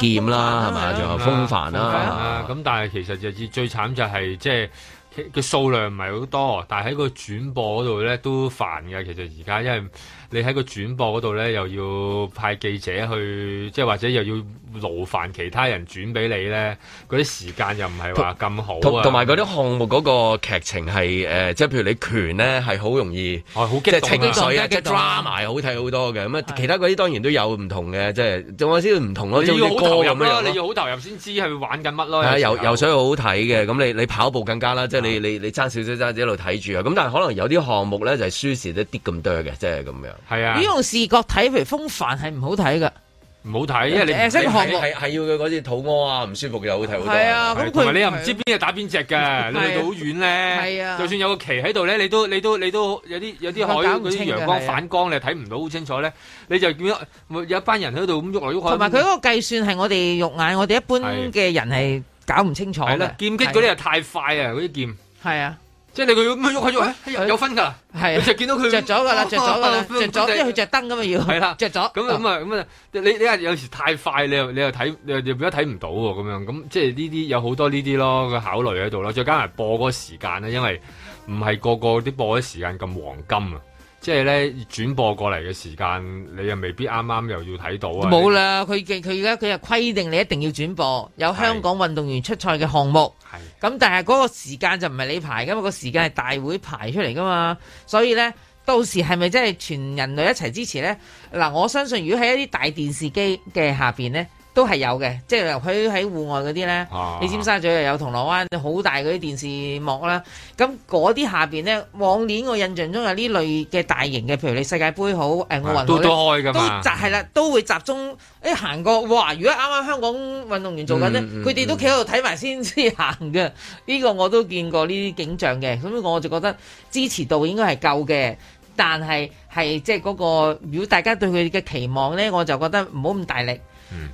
誒劍啦，係嘛，仲有風帆啦，咁但係其實就最最慘就係即係個數量唔係好多，但係喺個轉播嗰度咧都煩嘅。其實而家因為。你喺個轉播嗰度咧，又要派記者去，即係或者又要勞煩其他人轉俾你咧，嗰啲時間又唔係話咁好啊。同埋嗰啲項目嗰個劇情係、呃、即係譬如你拳咧係好容易，好即係情緒 drama 埋好睇好多嘅。咁啊，的其他嗰啲當然都有唔同嘅，即係我先唔同咯。你要好投入啦、啊，你要好投入先知去玩緊乜咯。係啊，遊游水好好睇嘅，咁的你你跑步更加啦，即係你的你你爭少少一路睇住啊。咁但係可能有啲項目咧就係輸蝕得啲咁多嘅，即係咁樣。係啊，用視覺睇譬如風帆係唔好睇噶，唔好睇，因為你係係要佢嗰啲肚屙啊，唔舒服就好睇好睇，係啊，咁佢你又唔知邊隻打邊隻噶，你去到好遠咧，就算有個旗喺度咧，你都你都你都有啲有啲海嗰啲陽光反光，你睇唔到好清楚咧，你就見有有一班人喺度咁喐嚟喐去。同埋佢嗰個計算係我哋肉眼，我哋一般嘅人係搞唔清楚嘅。係啦，劍擊嗰啲又太快啊，嗰啲劍。係啊。即係佢要咁樣喐喐、哎、有分噶。係的，就見到佢着咗噶啦，着咗啦，着咗。即係佢着燈咁嘛，了要嘛。係啦了，着咗了。咁啊咁啊咁啊，你你有時太快，你又你又睇你又變咗睇唔到喎。咁樣咁即係呢啲有好多呢啲咯，佢考慮喺度囉，再加埋播嗰個時間，因為唔係個個啲播嘅時時間咁黃金啊。即係咧轉播過嚟嘅時間，你又未必啱啱又要睇到啊！冇啦，佢佢而家佢又規定你一定要轉播有香港運動員出賽嘅項目。係。咁但係嗰個時間就唔係你排噶嘛，個時間係大會排出嚟噶嘛。所以咧，到時係咪真係全人類一齊支持咧？嗱，我相信如果喺一啲大電視機嘅下邊咧。都係有嘅，即係佢喺戶外嗰啲呢，啊、你尖沙咀又有銅鑼灣，好大嗰啲電視幕啦。咁嗰啲下邊呢，往年我印象中有呢類嘅大型嘅，譬如你世界盃好，誒奧運都都開㗎嘛，啦，都會集中誒、欸、行過。哇！如果啱啱香港運動員做緊呢，佢哋、嗯嗯、都企喺度睇埋先先行嘅。呢、嗯、個我都見過呢啲景象嘅，咁我就覺得支持度應該係夠嘅，但係係即係嗰個如果大家對佢嘅期望呢，我就覺得唔好咁大力。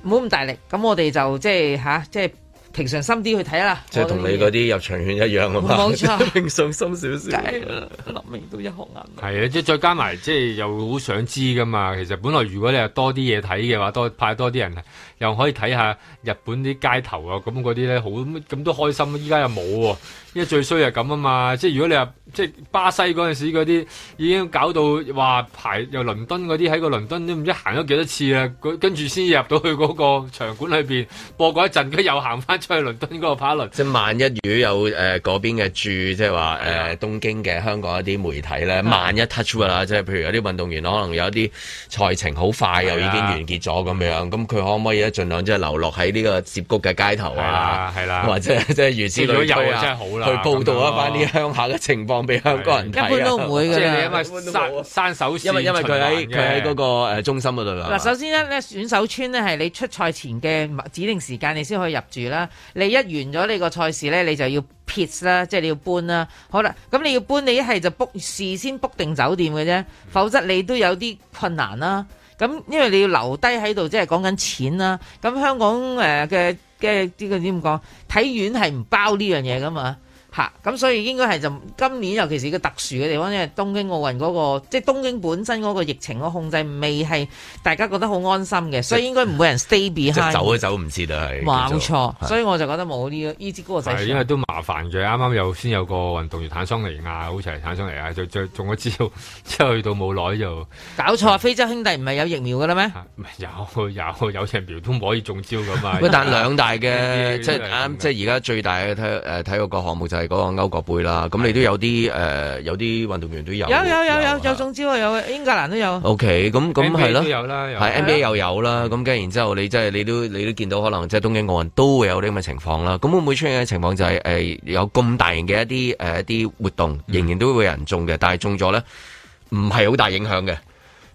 唔好咁大力，咁我哋就即係吓，即、啊、係平常心啲去睇啦。即係同你嗰啲入場券一樣啊嘛。冇錯 平常心少少，立明都一毫銀。係啊，即係再加埋即係又好想知噶嘛。其實本來如果你係多啲嘢睇嘅話，多派多啲人。又可以睇下日本啲街頭啊，咁嗰啲咧好咁都開心。依家又冇喎、啊，因為最衰係咁啊嘛。即係如果你話即係巴西嗰陣時嗰啲已經搞到話排由倫敦嗰啲喺個倫敦都唔知行咗幾多次啊，跟住先至入到去嗰個場館裏邊播過、呃、邊播嗰一陣佢又行翻出去倫敦嗰個跑輪，即係萬一如果有誒嗰邊嘅駐，即係話誒東京嘅香港一啲媒體咧，萬一 touch wood 啦，即係譬如有啲運動員可能有一啲賽程好快又已經完結咗咁是的 樣，咁佢可唔可以儘量即係留落喺呢個接谷嘅街頭啊，係啦、啊，啊、或者即係如此類推。如果有啊，真係好啦。去報道一翻啲鄉下嘅情況俾香港人睇、啊、一般都唔會嘅為，因為山手因為因為佢喺佢喺嗰個中心嗰度啦。嗱，首先咧，選手村咧係你出賽前嘅指定時間，你先可以入住啦。你一完咗你個賽事咧，你就要撇啦，即、就、係、是、你要搬啦。好啦，咁你要搬，你一係就 book 事先 book 定酒店嘅啫，否則你都有啲困難啦。咁因為你要留低喺度，即係講緊錢啦。咁香港誒嘅嘅呢個點講？體院係唔包呢樣嘢㗎嘛？吓，咁、嗯、所以應該係就今年，尤其是個特殊嘅地方，因為東京奧運嗰、那個，即係東京本身嗰個疫情個控制未係大家覺得好安心嘅，所以應該唔會人 stay behind。即係走都走唔切啦，係。冇錯，是所以我就覺得冇呢、這個呢支歌仔。係是因為都麻煩嘅，啱啱又先有個運動員坦桑尼亞，好似係坦桑尼亞，就，就中咗招，之後去到冇耐就搞錯，非洲兄弟唔係有疫苗㗎啦咩？有有有隻苗都唔可以中招噶嘛？ 但係兩大嘅即係啱、啊、即係而家最大嘅體誒體育個項目就係、是。嗰個歐國杯啦，咁你都有啲誒、呃，有啲運動員都有，有有有有有中招啊。有英格蘭都有。O K，咁咁係咯，NBA 係啦有啦，係 N B A 又有啦。咁跟住然之後你，你即係你都你都見到，可能即係東京奧運都會有啲咁嘅情況啦。咁會唔會出現嘅情況就係、是、誒、呃、有咁大型嘅一啲誒、呃、一啲活動，仍然都會有人中嘅，但係中咗咧唔係好大影響嘅。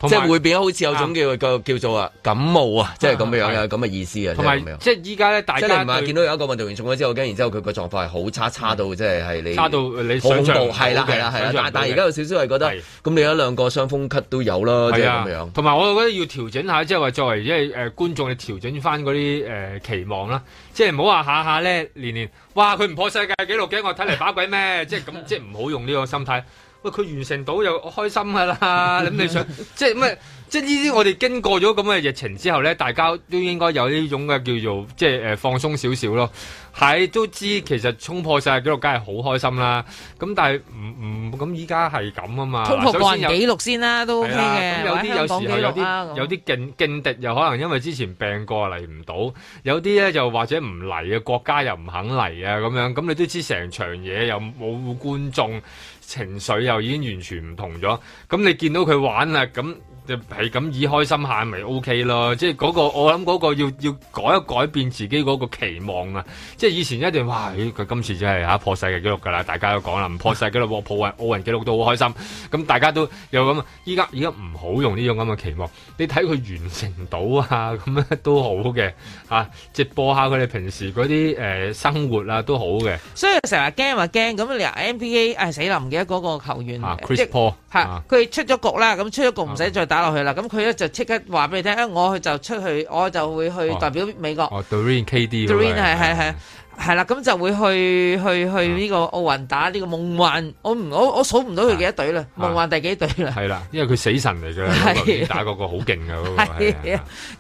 即係會變好似有種叫叫叫做啊感冒啊，即係咁樣嘅咁嘅意思啊。同埋即係依家咧，大家真係唔係見到有一個運動員中咗之後，驚，然之後佢個狀況係好差，差到即係係你差到你恐怖，係啦係啦係但係但係而家有少少係覺得咁你一兩個傷風咳都有啦，即係咁樣。同埋我覺得要調整下，即係話作為即係誒觀眾，你調整翻嗰啲誒期望啦。即係唔好話下下咧年年哇佢唔破世界紀錄嘅我睇嚟把鬼咩？即係咁即係唔好用呢個心態。喂，佢完成到又開心噶啦，咁 你想即係咩？即係呢啲我哋經過咗咁嘅疫情之後咧，大家都應該有呢種嘅叫做即係誒、呃、放鬆少少咯。係都知其實衝破世界紀錄梗係好開心啦。咁但係唔唔咁依家係咁啊嘛。衝破個人紀錄先啦，都 OK 嘅。啊、有啲有時候有啲有啲勁勁敵又可能因為之前病過嚟唔到，有啲咧就或者唔嚟嘅國家又唔肯嚟啊咁樣。咁你都知成場嘢又冇觀眾。情緒又已經完全唔同咗，咁你見到佢玩啊咁。就係咁以開心下咪 O K 咯，即係嗰、嗰個我諗嗰個要要改一改變自己嗰個期望啊！即係以前一定哇佢今次真係嚇破世嘅紀錄㗎啦，大家都講啦，唔破世紀紀錄破、 哦、運奧運紀錄都好開心。咁大家都有咁，依家依家唔好用呢種咁嘅期望。你睇佢完成到啊，咁都好嘅即、啊、直播下佢哋平時嗰啲、呃、生活啊都好嘅。所以成日驚話驚咁你話 N B A 誒、哎、死啦唔記得嗰個球員即係，佢出咗局啦，咁出咗局唔使再打落去啦。咁佢咧就即刻話俾你聽，我去就出去，我就會去代表美國。哦，Durant K D。Durant 係係係係啦，咁就會去去去呢個奧運打呢個夢幻。我唔我我數唔到佢幾多隊啦，夢幻第幾隊啦？係啦，因為佢死神嚟嘅，打嗰個好勁噶啊。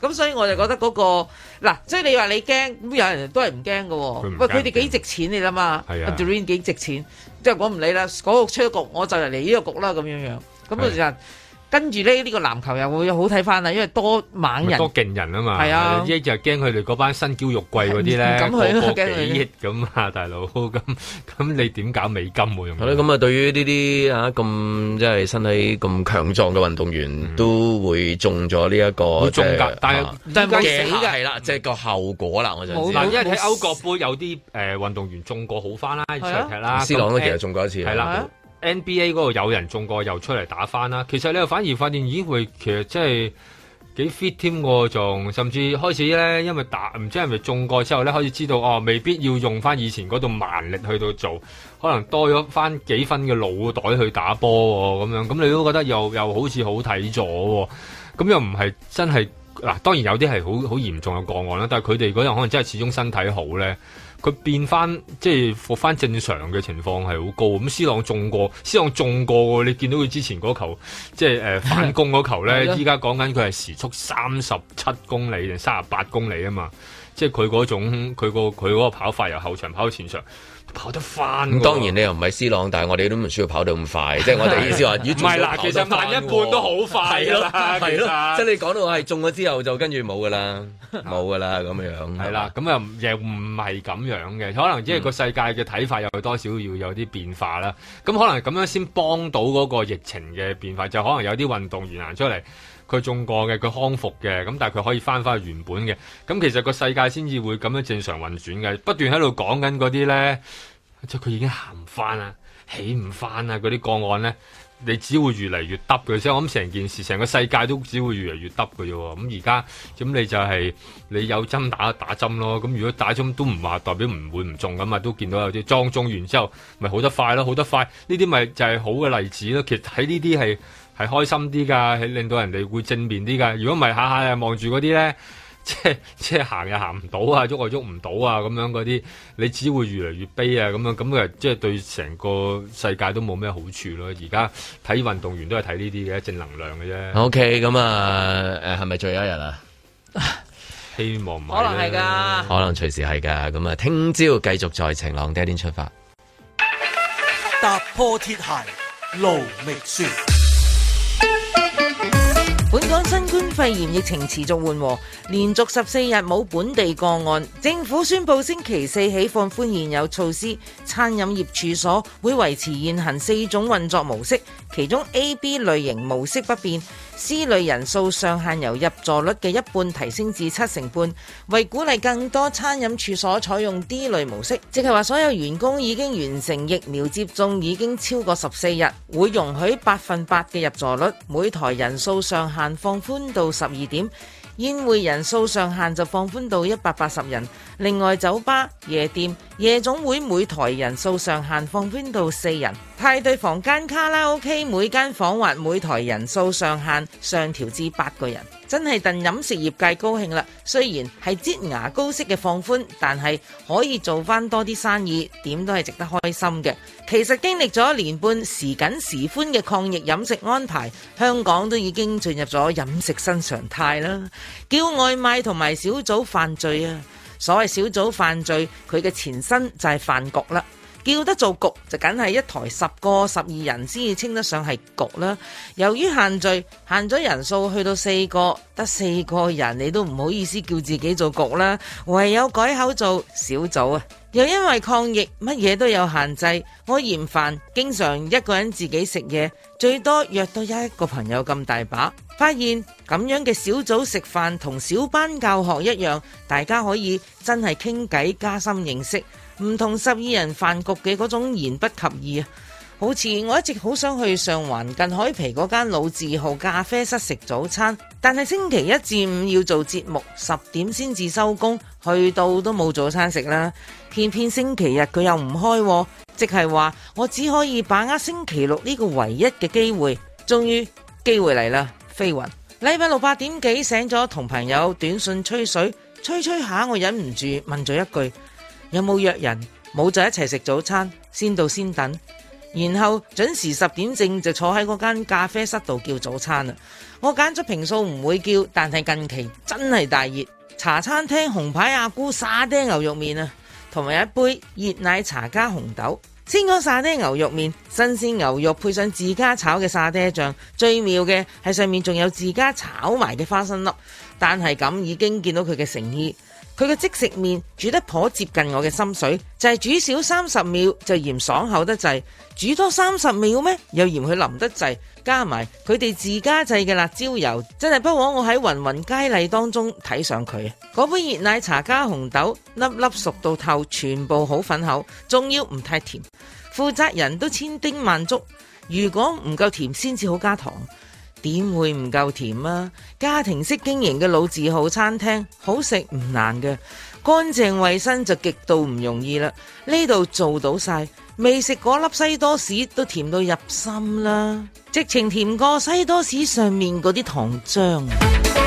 咁所以我就覺得嗰個嗱，即係你話你驚，有人都係唔驚嘅。喂，佢哋幾值錢你諗嘛係 Durant 幾值錢？即係我唔理啦，嗰、嗰個出局，我就嚟嚟呢個局啦，咁樣樣，咁啊其跟住咧，呢個籃球又會好睇翻啦，因為多猛人，多勁人啊嘛！係啊，一日驚佢哋嗰班身嬌肉貴嗰啲咧，個個幾億咁啊，大佬咁咁，你點搞美金喎？用係咯，咁啊，對於呢啲啊咁即係身體咁強壯嘅運動員，都會中咗呢一個會中㗎，但係但係唔會死㗎，係啦，即係個後果啦。我就知啦，因為喺歐國杯有啲誒運動員中過好翻啦，出嚟踢啦。斯朗咧其實中過一次係啦。NBA 嗰度有人中過又出嚟打翻啦，其實你又反而發現咦，會其實真係幾 fit 添個仲，甚至開始呢，因為打唔知係咪中過之後呢，開始知道哦，未必要用翻以前嗰度蠻力去到做，可能多咗翻幾分嘅腦袋去打波咁樣，咁你都覺得又又好似好睇咗，咁又唔係真係嗱，當然有啲係好好嚴重嘅個案啦，但係佢哋嗰陣可能真係始終身體好呢。佢變翻即係復翻正常嘅情況係好高，咁 C 朗中過，C 朗中過，你見到佢之前嗰球即係誒反攻嗰球咧，依家講緊佢係時速三十七公里定三十八公里啊嘛，即係佢嗰種佢個佢嗰個跑法由後場跑到前場。跑得快，咁當然你又唔係 C 朗，但係我哋都唔需要跑得咁快。 即係我哋意思話，如果唔係啦，其實慢一半都好快咯，係咯。即係你講到係中咗之後，就跟住冇噶啦，冇噶啦咁樣。係啦，咁又又唔係咁樣嘅，可能即係個世界嘅睇法又多少要有啲變化啦。咁、嗯、可能咁樣先幫到嗰個疫情嘅變化，就可能有啲運動員行出嚟，佢中過嘅，佢康復嘅，咁但係佢可以翻返去原本嘅。咁其實個世界先至會咁樣正常運轉嘅，不斷喺度講緊嗰啲咧。即佢已經行唔翻啦，起唔翻啦，嗰啲個案咧，你只會越嚟越耷嘅，所以我諗成件事，成個世界都只會越嚟越耷嘅喎。咁而家咁你就係、是、你有針打就打針咯。咁如果打針都唔話代表唔會唔中咁啊，都見到有啲裝中完之後咪好得快咯，好得快。呢啲咪就係好嘅例子咯。其實喺呢啲係係開心啲噶，令到人哋會正面啲噶。如果唔係下下啊望住嗰啲咧。即係即係行又行唔到啊，喐啊喐唔到啊，咁樣嗰啲，你只會越嚟越悲啊，咁樣咁嘅，即係對成個世界都冇咩好處咯。而家睇運動員都係睇呢啲嘅正能量嘅啫。OK，咁啊，誒，係咪最後一日啊？ 希望唔係，可能係噶，可能隨時係噶。咁啊，聽朝繼續在晴朗的一天出發，踏破鐵鞋勞覓雪。港新冠肺炎疫情持續緩和，連續十四日冇本地個案。政府宣布星期四起放寬現有措施，餐飲業處所會維持現行四種運作模式，其中 A、B 類型模式不變，C 類人數上限由入座率嘅一半提升至七成半，為鼓勵更多餐飲處所採用 D 類模式，即係話所有員工已經完成疫苗接種已經超過十四日，會容許百分百嘅入座率，每台人數上限，放寬到十二點，宴會人數上限就放寬到一百八十人。另外，酒吧、夜店、夜總會每台人數上限放寬到四人。派對房間卡拉 OK 每間房或每台人數上限上調至八個人，真係戥飲食業界高興啦！雖然係擠牙膏式嘅放寬，但係可以做翻多啲生意，點都係值得開心嘅。其實經歷咗一年半時緊時寬嘅抗疫飲食安排，香港都已經進入咗飲食新常態啦。叫外賣同埋小組犯罪啊，所謂小組犯罪，佢嘅前身就係飯局啦。叫得做局就梗係一枱十個、十二人先至稱得上係局啦。由於限聚，限咗人數去到四個，得四個人，你都唔好意思叫自己做局啦。唯有改口做小組啊！又因為抗疫，乜嘢都有限制。我嫌煩，經常一個人自己食嘢，最多約到一個朋友咁大把。發現咁樣嘅小組食飯同小班教學一樣，大家可以真係傾偈，加深認識。唔同十二人飯局嘅嗰種言不及義，啊！好似我一直好想去上環近海皮嗰間老字號咖啡室食早餐，但係星期一至五要做節目，十點先至收工，去到都冇早餐食啦。偏偏星期日佢又唔開，即係話我只可以把握星期六呢個唯一嘅機會。終於機會嚟啦！飛雲禮拜六八點幾醒咗，同朋友短信吹水，吹吹下我忍唔住問咗一句。有冇約人？冇就一齊食早餐，先到先等，然後準時十點正就坐喺嗰間咖啡室度叫早餐啦。我揀咗平數唔會叫，但係近期真係大熱茶餐廳紅牌阿姑沙爹牛肉麵啊，同埋一杯熱奶茶加紅豆。先講沙爹牛肉麵，新鮮牛肉配上自家炒嘅沙爹醬，最妙嘅係上面仲有自家炒埋嘅花生粒。但係咁已經見到佢嘅誠意。佢嘅即食麵煮得頗接近我嘅心水，就係、是、煮少三十秒就嫌爽口得滯，煮多三十秒咩又嫌佢腍得滯，加埋佢哋自家製嘅辣椒油，真係不枉我喺芸芸佳麗當中睇上佢。嗰杯熱奶茶加紅豆，粒粒熟到透，全部好粉口，仲要唔太甜。負責人都千叮萬囑，如果唔夠甜先至好加糖。點會唔夠甜啊！家庭式經營嘅老字號餐廳，好食唔難嘅，乾淨衛生就極度唔容易啦。呢度做到晒，未食嗰粒西多士都甜到入心啦，直情甜過西多士上面嗰啲糖漿。